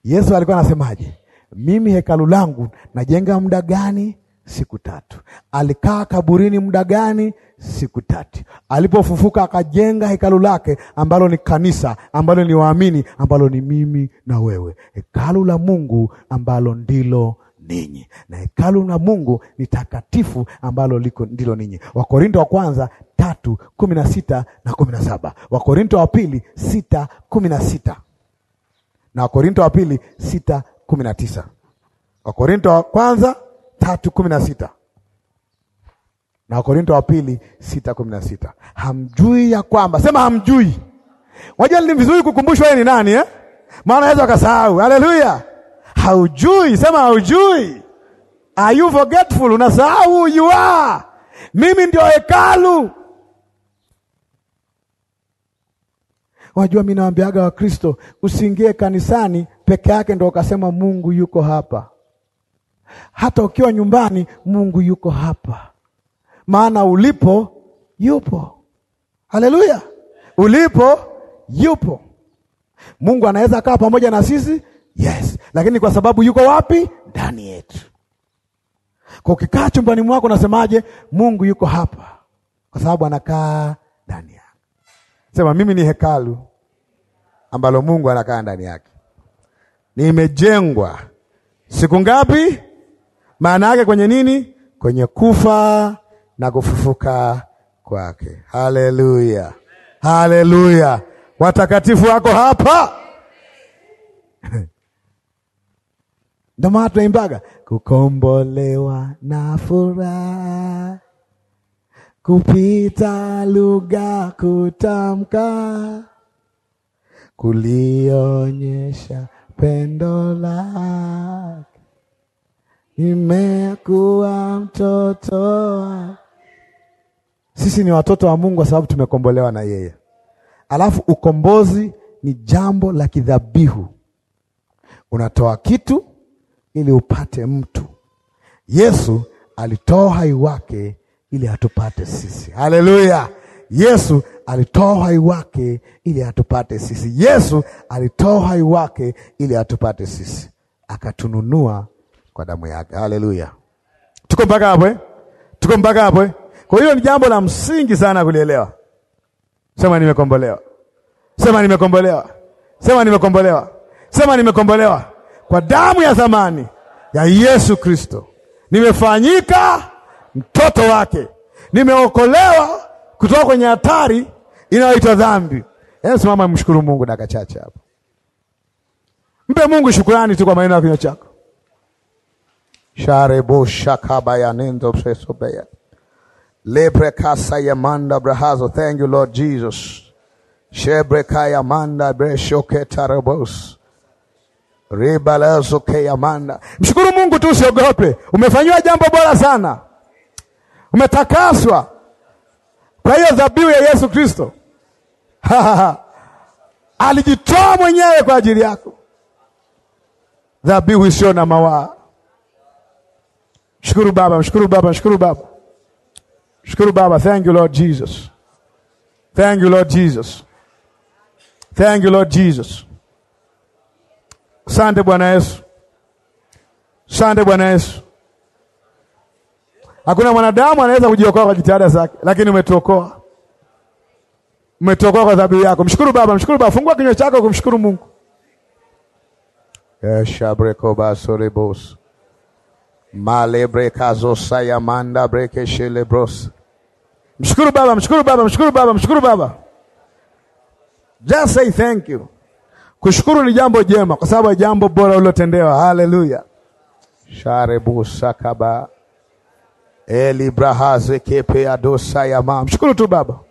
Yesu alikuwa anasemaje? Mimi hekalu langu najenga muda gani? siku tatu. Alikaa kaburini muda gani? Siku tatu. Alipofufuka akajenga hekalu lake ambalo ni kanisa, ambalo ni waamini, ambalo ni mimi na wewe, hekalu la Mungu ambalo ndilo ninyi, na hekalu la Mungu ni takatifu ambalo liko ndilo ninyi. Wakorinto wa kwanza tatu kumi na sita na kumi na saba Wakorinto wa pili sita kumi na sita na Wakorinto wa pili sita kumi na tisa Wakorinto wa kwanza tatu kumi na sita na Wakorinto wa pili sita kumi na sita Hamjui ya kwamba sema, hamjui. Wajua ni vizuri kukumbushwa yeye ni nani eh? Maana weza akasahau Haleluya, haujui. Sema haujui. Are you forgetful? Unasahau you are. Mimi ndio hekalu. Wajua, mi wa Wakristo usiingie kanisani peke yake ndo ukasema Mungu yuko hapa. Hata ukiwa nyumbani, Mungu yuko hapa, maana ulipo yupo. Haleluya! Ulipo yupo. Mungu anaweza kaa pamoja na sisi yes, lakini kwa sababu yuko wapi? Ndani yetu. Kwa ukikaa chumbani mwako unasemaje? Mungu yuko hapa, kwa sababu anakaa ndani yako. Sema, mimi ni hekalu ambalo Mungu anakaa ndani yake. Nimejengwa siku ngapi? maana yake kwenye nini? Kwenye kufa na kufufuka kwake. Haleluya, haleluya! Watakatifu wako hapa (laughs) Ndio maana tunaimbaga kukombolewa na furaha kupita lugha kutamka, kulionyesha pendo lake. Nimekuwa mtoto. Sisi ni watoto wa Mungu kwa sababu tumekombolewa na yeye. Alafu ukombozi ni jambo la kidhabihu, unatoa kitu ili upate mtu. Yesu alitoa uhai wake ili atupate sisi. Haleluya! Yesu alitoa uhai wake ili atupate sisi. Yesu alitoa uhai wake ili atupate sisi, akatununua kwa damu yake. Haleluya, tuko mpaka hapo eh? Tuko mpaka hapo eh? Kwa hiyo ni jambo la msingi sana kulielewa. Sema nimekombolewa, sema nimekombolewa, sema nimekombolewa, sema nimekombolewa kwa damu ya thamani ya Yesu Kristo, nimefanyika mtoto wake, nimeokolewa kutoka kwenye hatari inayoitwa dhambi. Hebu eh, simama, mshukuru Mungu dakika chache hapo, mpe Mungu shukurani tu kwa maneno ya kinywa chako. Shareboshakabayanendosesobeya. Lebrekasa yamanda brahazo. Thank you, Lord Jesus. Shebrekayamanda breshoketarebos Ribalazokeyamanda. Mshukuru Mungu tu, usiogope. Umefanyiwa jambo bora sana, umetakaswa kwa hiyo dhabihu ya Yesu Kristo. Alijitoa mwenyewe kwa ajili yako, dhabihu isiyo na mawaa Mshukuru Baba, mshukuru Baba, mshukuru Baba, mshukuru Baba. Thank you Lord Jesus, thank you Lord Jesus, thank you Lord Jesus. Sante Bwana Yesu, sante Bwana Yesu. Hakuna mwanadamu anaweza kujiokoa kwa jitihada zake, lakini umetuokoa, umetuokoa kwa dhabihu yako. Mshukuru Baba, mshukuru Baba. Fungua kinywa chako kumshukuru Mungu. Eh, basore boss malebrekazosaamanda brekeshelebros. Mshukuru Baba, mshukuru Baba, mshukuru Baba, mshukuru Baba. Just say thank you. Kushukuru ni jambo jema, kwa sababu ya jambo bora uliotendewa Haleluya. sharebusakaba elibrahazekepeadosayama mshukuru tu Baba.